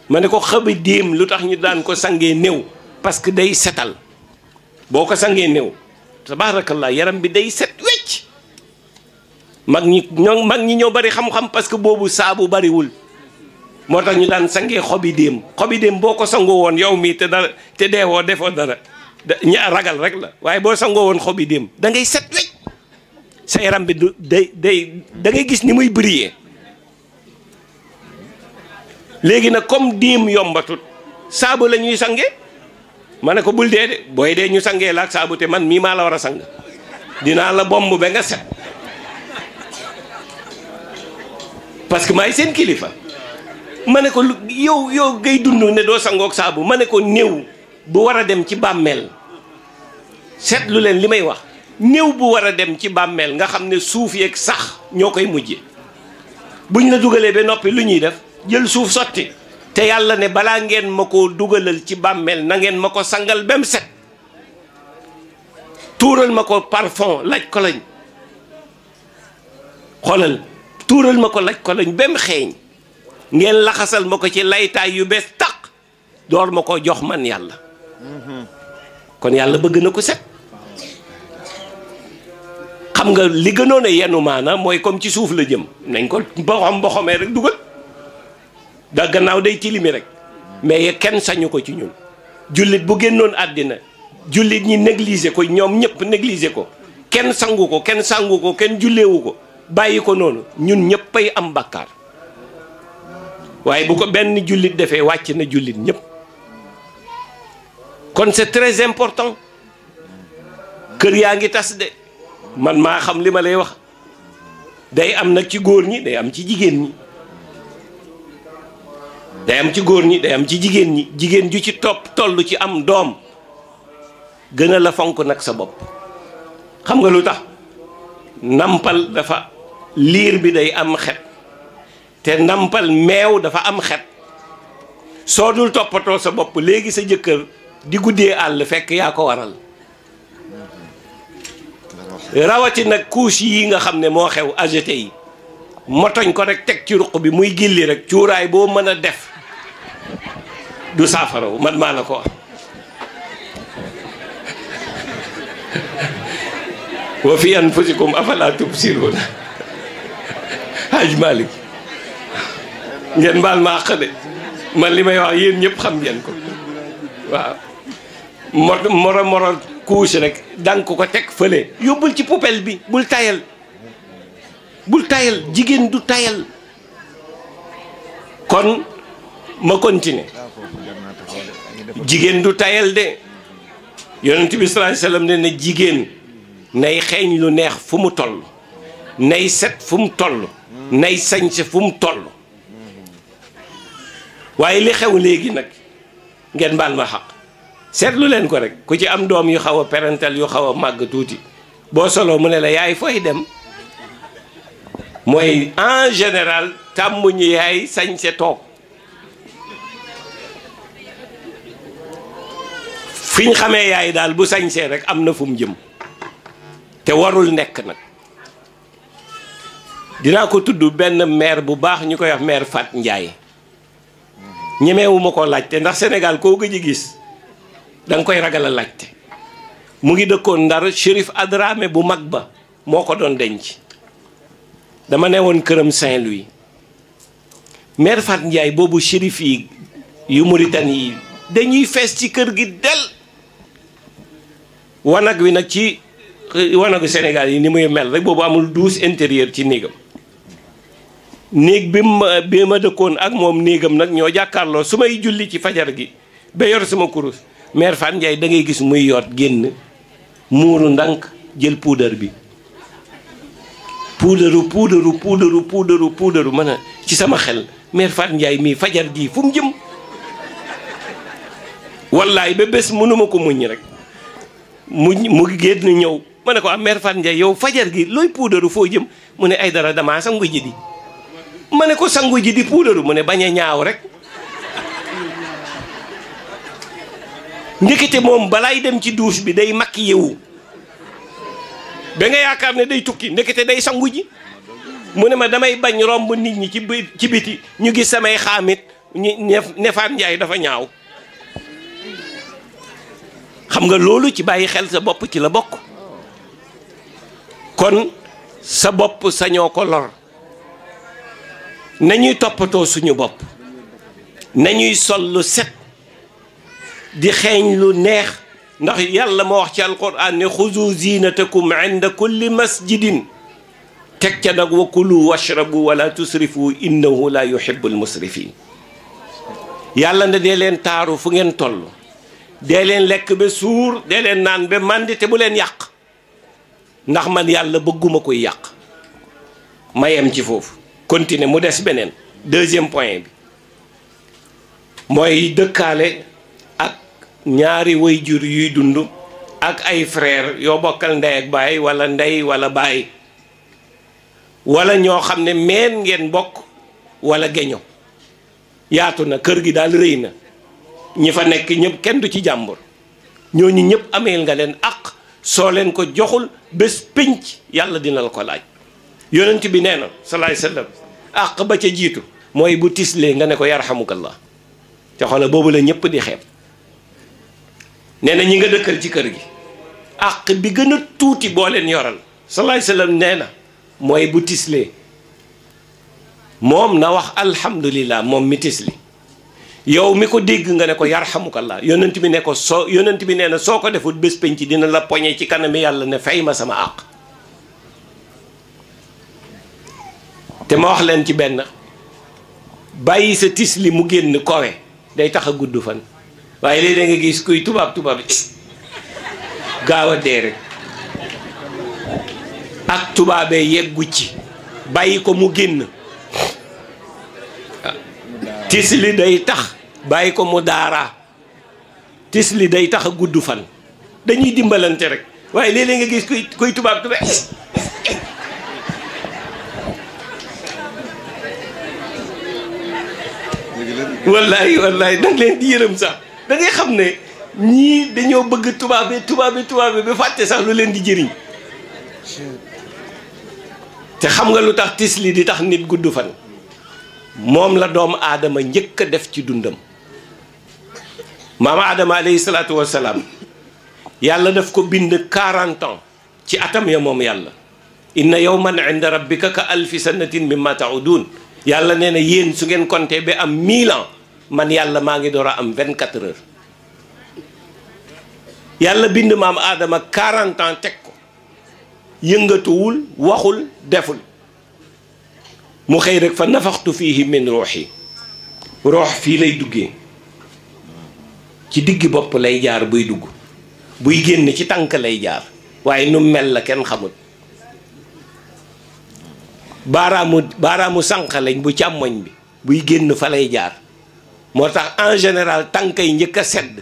ma ne ko xëba déem lu tax ñu daan ko sangee néew parce que day setal boo ko sangee néew tabaarakallah yaram bi day set wecc mag ñi ñoo mag ñi ñoo bari xam-xam parce que boobu saabu bariwul moo tax ñu daan sangee xobi déem xobi dém boo ko sangoo woon yow mii te dara te deewoo defoo dara ña ragal rek la waaye boo sangoo woon xobi déem da ngay set wecc sa yaram bi du day day da ngay gis ni muy briller léegi nag comme diim yombatut saabu la ñuy sange ma ne ko bul dee de booy dee ñu sangee la ak saabu te man mii maa la war a sang dinaa la bomb ba nga set parce que maay seen kilifa ma ne ko yow yow ngay dund ne doo sangoog saabu ma ne ko néew bu war a dem ci bàmmeel seetlu leen li may wax néew bu war a dem ci bàmmeel nga xam ne suuf yeeg sax ñoo koy mujje buñ la dugalee ba noppi lu ñuy def jël suuf sotti te yàlla ne balaa ngeen ma ko dugalal ci bàmmeel nangeen ma ko sangal bem set tuural ma ko parfum laj ko lañ xoolal tuural ma ko laj ko bem xeeñ ngeen laxasal ma ko ci laytaay yu bees taq door ma ko jox man yàlla kon yàlla bëgg na ko set xam nga li gënoon a yenu maana mooy comme ci suuf la jëm nañ ko mboxom mboxomee rek dugal da gannaaw day tilimi rek mais kenn sañu ko ci ñun jullit bu génnoon àddina jullit ñi négliger ko ñoom ñëpp négliger ko kenn sangu ko kenn sangu ko kenn julleewu ko bàyyi ko noonu ñun ñëppay am bàkkaar waaye bu ko benn jullit defee wàcc na jullit ñëpp kon c'est tres important kër yaa ngi tas de man maa xam li ma lay wax day am nag ci góor ñi day am ci jigéen ñi day ci góor ñi day ci jigéen ñi jigéen ju ci topp toll ci am doom gën la fonk nag sa bopp xam nga lu tax nampal dafa liir bi day am xet te nampal meew dafa am xet soo dul toppatoo sa bopp léegi sa jëkkër di guddee àll fekk yaa ko waral rawati nag couche yi nga xam ne moo xew agete yi motoñ ko rek teg ci ruq bi muy gilli rek cuuraay boo mën a def du saafaraw man maa la ko wax wa fi anfusikum afala tubsiruna Haj Malick ngeen baal ma àq de man li may wax yéen ñëpp xam ngeen ko waaw mor moro moro couche rek danga ko ko teg fële yóbbul ci poubelle bi bul tayal bul tayal jigéen du tayal kon ma continuer jigéen du tayal de yonent bi sallallahu alayhi wasallam ne na jigéen nay xeeñ lu neex fu mu toll nay set fu mu toll nay sañse fu mu toll waaye li xew léegi nag ngeen baal ma xaq seetlu leen ko rek ku ci am doom yu xaw a parental yu xaw a màgg tuuti boo soloo mu ne la yaay fooy dem mooy en général tàmmuñu yaay sañse toog fi ñu xamee yaay daal bu sañsee rek am na fu mu jëm te warul nekk nag dinaa ko tudd benn maire bu baax ñu koy wax maire Fat njaay ñemewuma ko laajte ndax Sénégal koo gëj a gis danga koy ragala a laajte mu ngi dëkkoon Ndar Chérif Adramé bu mag ba moo ko doon denc dama ne woon këram Saint-Louis maire Fat Ndiaye boobu chérif yi yu Mauritanie yi dañuy fees ci kër gi del wanag wi nag ci eh, wanagu Sénégal yi ni muy mel rek boobu amul douche intérieur ci néegam néeg bi ma bi ma dëkkoon ak moom néegam nag ñoo jàkkaarloo su may julli ci fajar gi ba yor sama kurus mère Fane Ndiaye da ngay gis muy yoot génn muuru ndànk jël puudar bi puudaru puudaru puudaru puudaru puudaru mën a ci sama xel mère Fane Ndiaye mii fajar gii fu jëm wallaay ba bés mënuma ko muñ rek mu mu génn ñëw ma ne ko am ah, mère Fatou Ndiaye yow fajar gi looy puudaru foo jëm mu ne ay dara damaa sangu ji di ma ne ko sangu ji di puudaru mu ne bañ ñaaw rek ndekete moom balaay dem ci duus bi day makk yewu ba nga yaakaar ne day tukki ndekete day sangu ji mu ne ma damay bañ romb nit ñi ci ci biti ñu gis samay xaamit ñu ne Fatou Ndiaye dafa ñaaw xam nga loolu ci bàyyi xel sa bopp ci la bokk kon sa bopp sañoo ko lor nañuy toppatoo suñu bopp nañuy sol lu set di xeeñ lu neex ndax yàlla moo wax ci alquran ne xuzu zinatakum inda kulli masjidin teg ca nag wa kulu wala tusrifu innahu la yuhibbul musrifin yàlla na dee leen taaru fu ngeen tollu dee leen lekk ba suur dee leen naan ba màndi te bu leen yàq ndax man yàlla bëgguma koy yàq ma yem ci foofu continuer mu des beneen deuxième point bi mooy dëkkaale ak ñaari way jur yuy dund ak ay freer yoo bokkal ndey ak baay wala ndey walla baay wala ñoo xam ne meen ngeen bokk wala geño yaatu na kër gi daal rëy na ñi fa nekk ñëpp kenn du ci jàmbur ñooñu ñëpp ameel nga leen àq soo leen ko joxul bés pénc yàlla dina la ko laaj yonent bi nee na salaay sallam àq ba ca jiitu mooy bu tislee nga ne ko yarhamukallah te xoola boobu la ñëpp di xeeb nee na ñi nga dëkkal ci kër gi àq bi gën a tuuti boo leen yoral salaay sallam nee na mooy bu tislee moom na wax alhamdulillah moom mi tisli yow mi ko dégg nga ne ko yarhamukallah yonent bi ne ko soo yonent bi nee na soo ko deful bés ci dina la poñe ci kanami yàlla ne fay ma sama àq te ma wax leen ci benn bàyyi sa tis li mu génn kowe day tax a gudd fan waaye léegi da nga gis kuy tubaab tubaab gaaw a dee rek ak tubaabee yeggu ci bàyyi ko mu génn tisli day tax bàyyi ko mu daara tis tisli day tax a gudd fan dañuy dimbalante rek waaye léeg-léeg nga gis kuy koy tubaab tubaab wallaay wallaay danga leen di yërëm sax da ngay xam ne ñii dañoo bëgg tubaabe tubaabe tubaabe ba fàtte sax lu leen di jëriñ te xam nga lu tax tisli di tax nit gudd fan moom la doomu aadama njëkk a def ci dundam maam aadama aleyhi salaatu wasalaam yàlla daf ko bind 40 ci atam ya moom yàlla inna yawman inda rabbika ka alfi sanatin mimma taudun yàlla nee na yéen su ngeen compté bi am 1000 man yàlla maa ngi door a am 24 heures yàlla bind maam aadama 40 teg ko yëngatuwul waxul deful mu xëy rek fa nafaxtu fiihi min ruuxi roox fii lay duggee ci digg bopp lay jaar buy dugg buy génn ci tànk lay jaar waaye nu mel la kenn xamut baaraamu baaraamu sànq lañ bu càmmoñ bi buy génn fa lay jaar moo tax en général tànk yi njëkk a sedd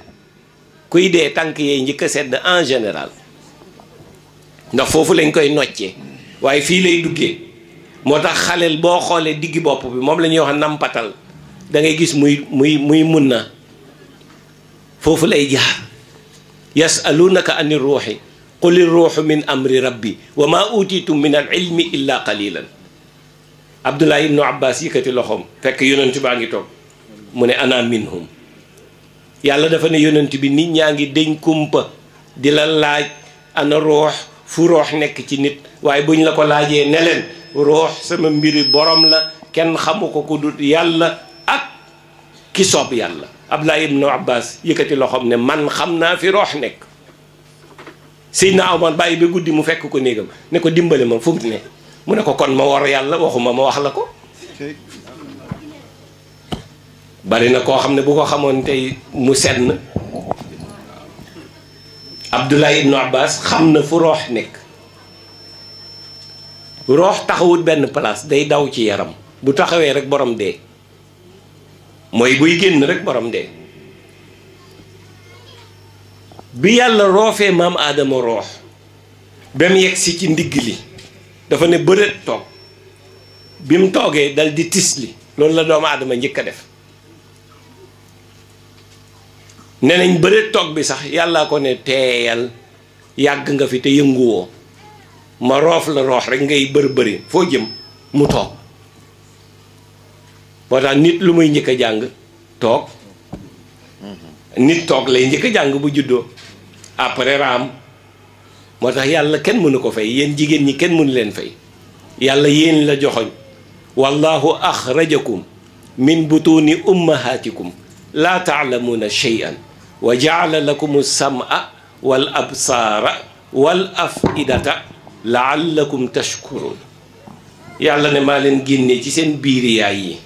kuy dee tànk yee njëkk a sedd en général ndax foofu lañ koy noccee waaye fii lay duggee moo tax xaleel boo xoolee digg bopp bi moom lañuy wax nampatal dangay gis muy muy muy mun na foofu lay jaar yasalunaka ani ruuxi quli ruuxu min amri rabbi wa maa utitum min al ilmi illa qalilan abdullah ibnu abbas ngi toog mu ne ana minhum yàlla dafa ne yonent bi nit ñaa ngi deñ kumpa di la laaj ana ruux fu ruux nekk ci nit waaye ñu la ko laajee ne ruux sama mbiri borom la kenn xamu ko ku dut yàlla ak ki soob yàlla Abdullah ibnu Abbas yëkkati loxoom ne man xam naa fi roox nekk Seydina Omar bàyyi ba guddi mu fekk ko néegam ne ko dimbali ma fu mu ne mu ne ko kon ma war yàlla waxuma ma wax la ko bari na koo xam ne bu ko xamoon tey mu senn Abdullah ibnu Abbas xam na fu roox nekk roox taxawut benn place day daw ci yaram bu taxawee rek borom dee mooy buy génn rek borom dee bi yàlla roofee maam aadama roox ba mu yegg ci ndigg li dafa ne bërët toog bi mu toogee dal di tis li loolu la doomu aadama njëkk a def ne nañ bërët toog bi sax yàllaa ko ne teeyal yàgg nga fi te yënguwoo ma roof la roox rek ngay bër bëri foo jëm mu toog moo tax nit lu muy njëkk a jàng toog nit toog lay njëkk a jàng bu juddoo après raam moo tax yàlla kenn mënu ko fay yéen jigéen ñi kenn mënu leen fay yàlla yéen la joxoñ wallahu axrajakum min butuni ummahatikum laa taalamuuna cheyan wa jaala lakum sam'a wal absaara wal afidata laallakum tashkurun yàlla ne maa leen génne ci seen biiri yi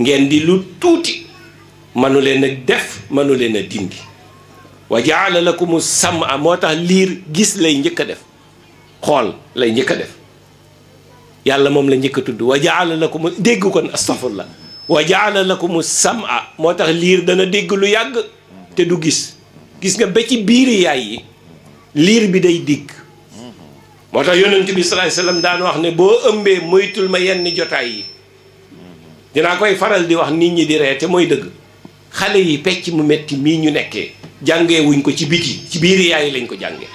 ngeen di lu tuuti manu leen a def manu wa jaala lakumu sam'a moo tax liir gis lay njëkk a def xool lay njëkk a def yàlla moom la njëkk a tudd wa jaala lakumu dégg kon astafurlah wa jaala lakumu sam'a moo tax liir dana dégg lu yàgg te du gis gis nga ba ci biiri yaay yi liir bi day dégg moo tax yonent bi salaay salaam daan wax ne boo ëmbee moytul ma yenn jotaay yi dinaa koy faral di wax nit ñi di ree te mooy dëgg xale yi pecc mu metti mii ñu nekkee jàngewuñ ko ci yi ci biir yaay lañ ko jàngee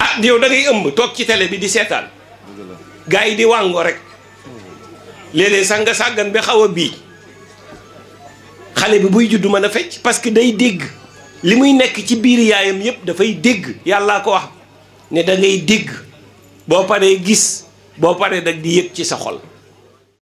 ah yow da ëmb toog ci télé bi di seetaan gars yi di wàngoo rek léeg-léeg sax nga sàggan bi xaw a bii xale bi buy judd mën a fecc parce que day dégg li muy nekk ci biir yaayam yépp dafay dégg yàllaa ko wax ne da ngay dégg boo paree gis boo paree dag di yëg ci sa xol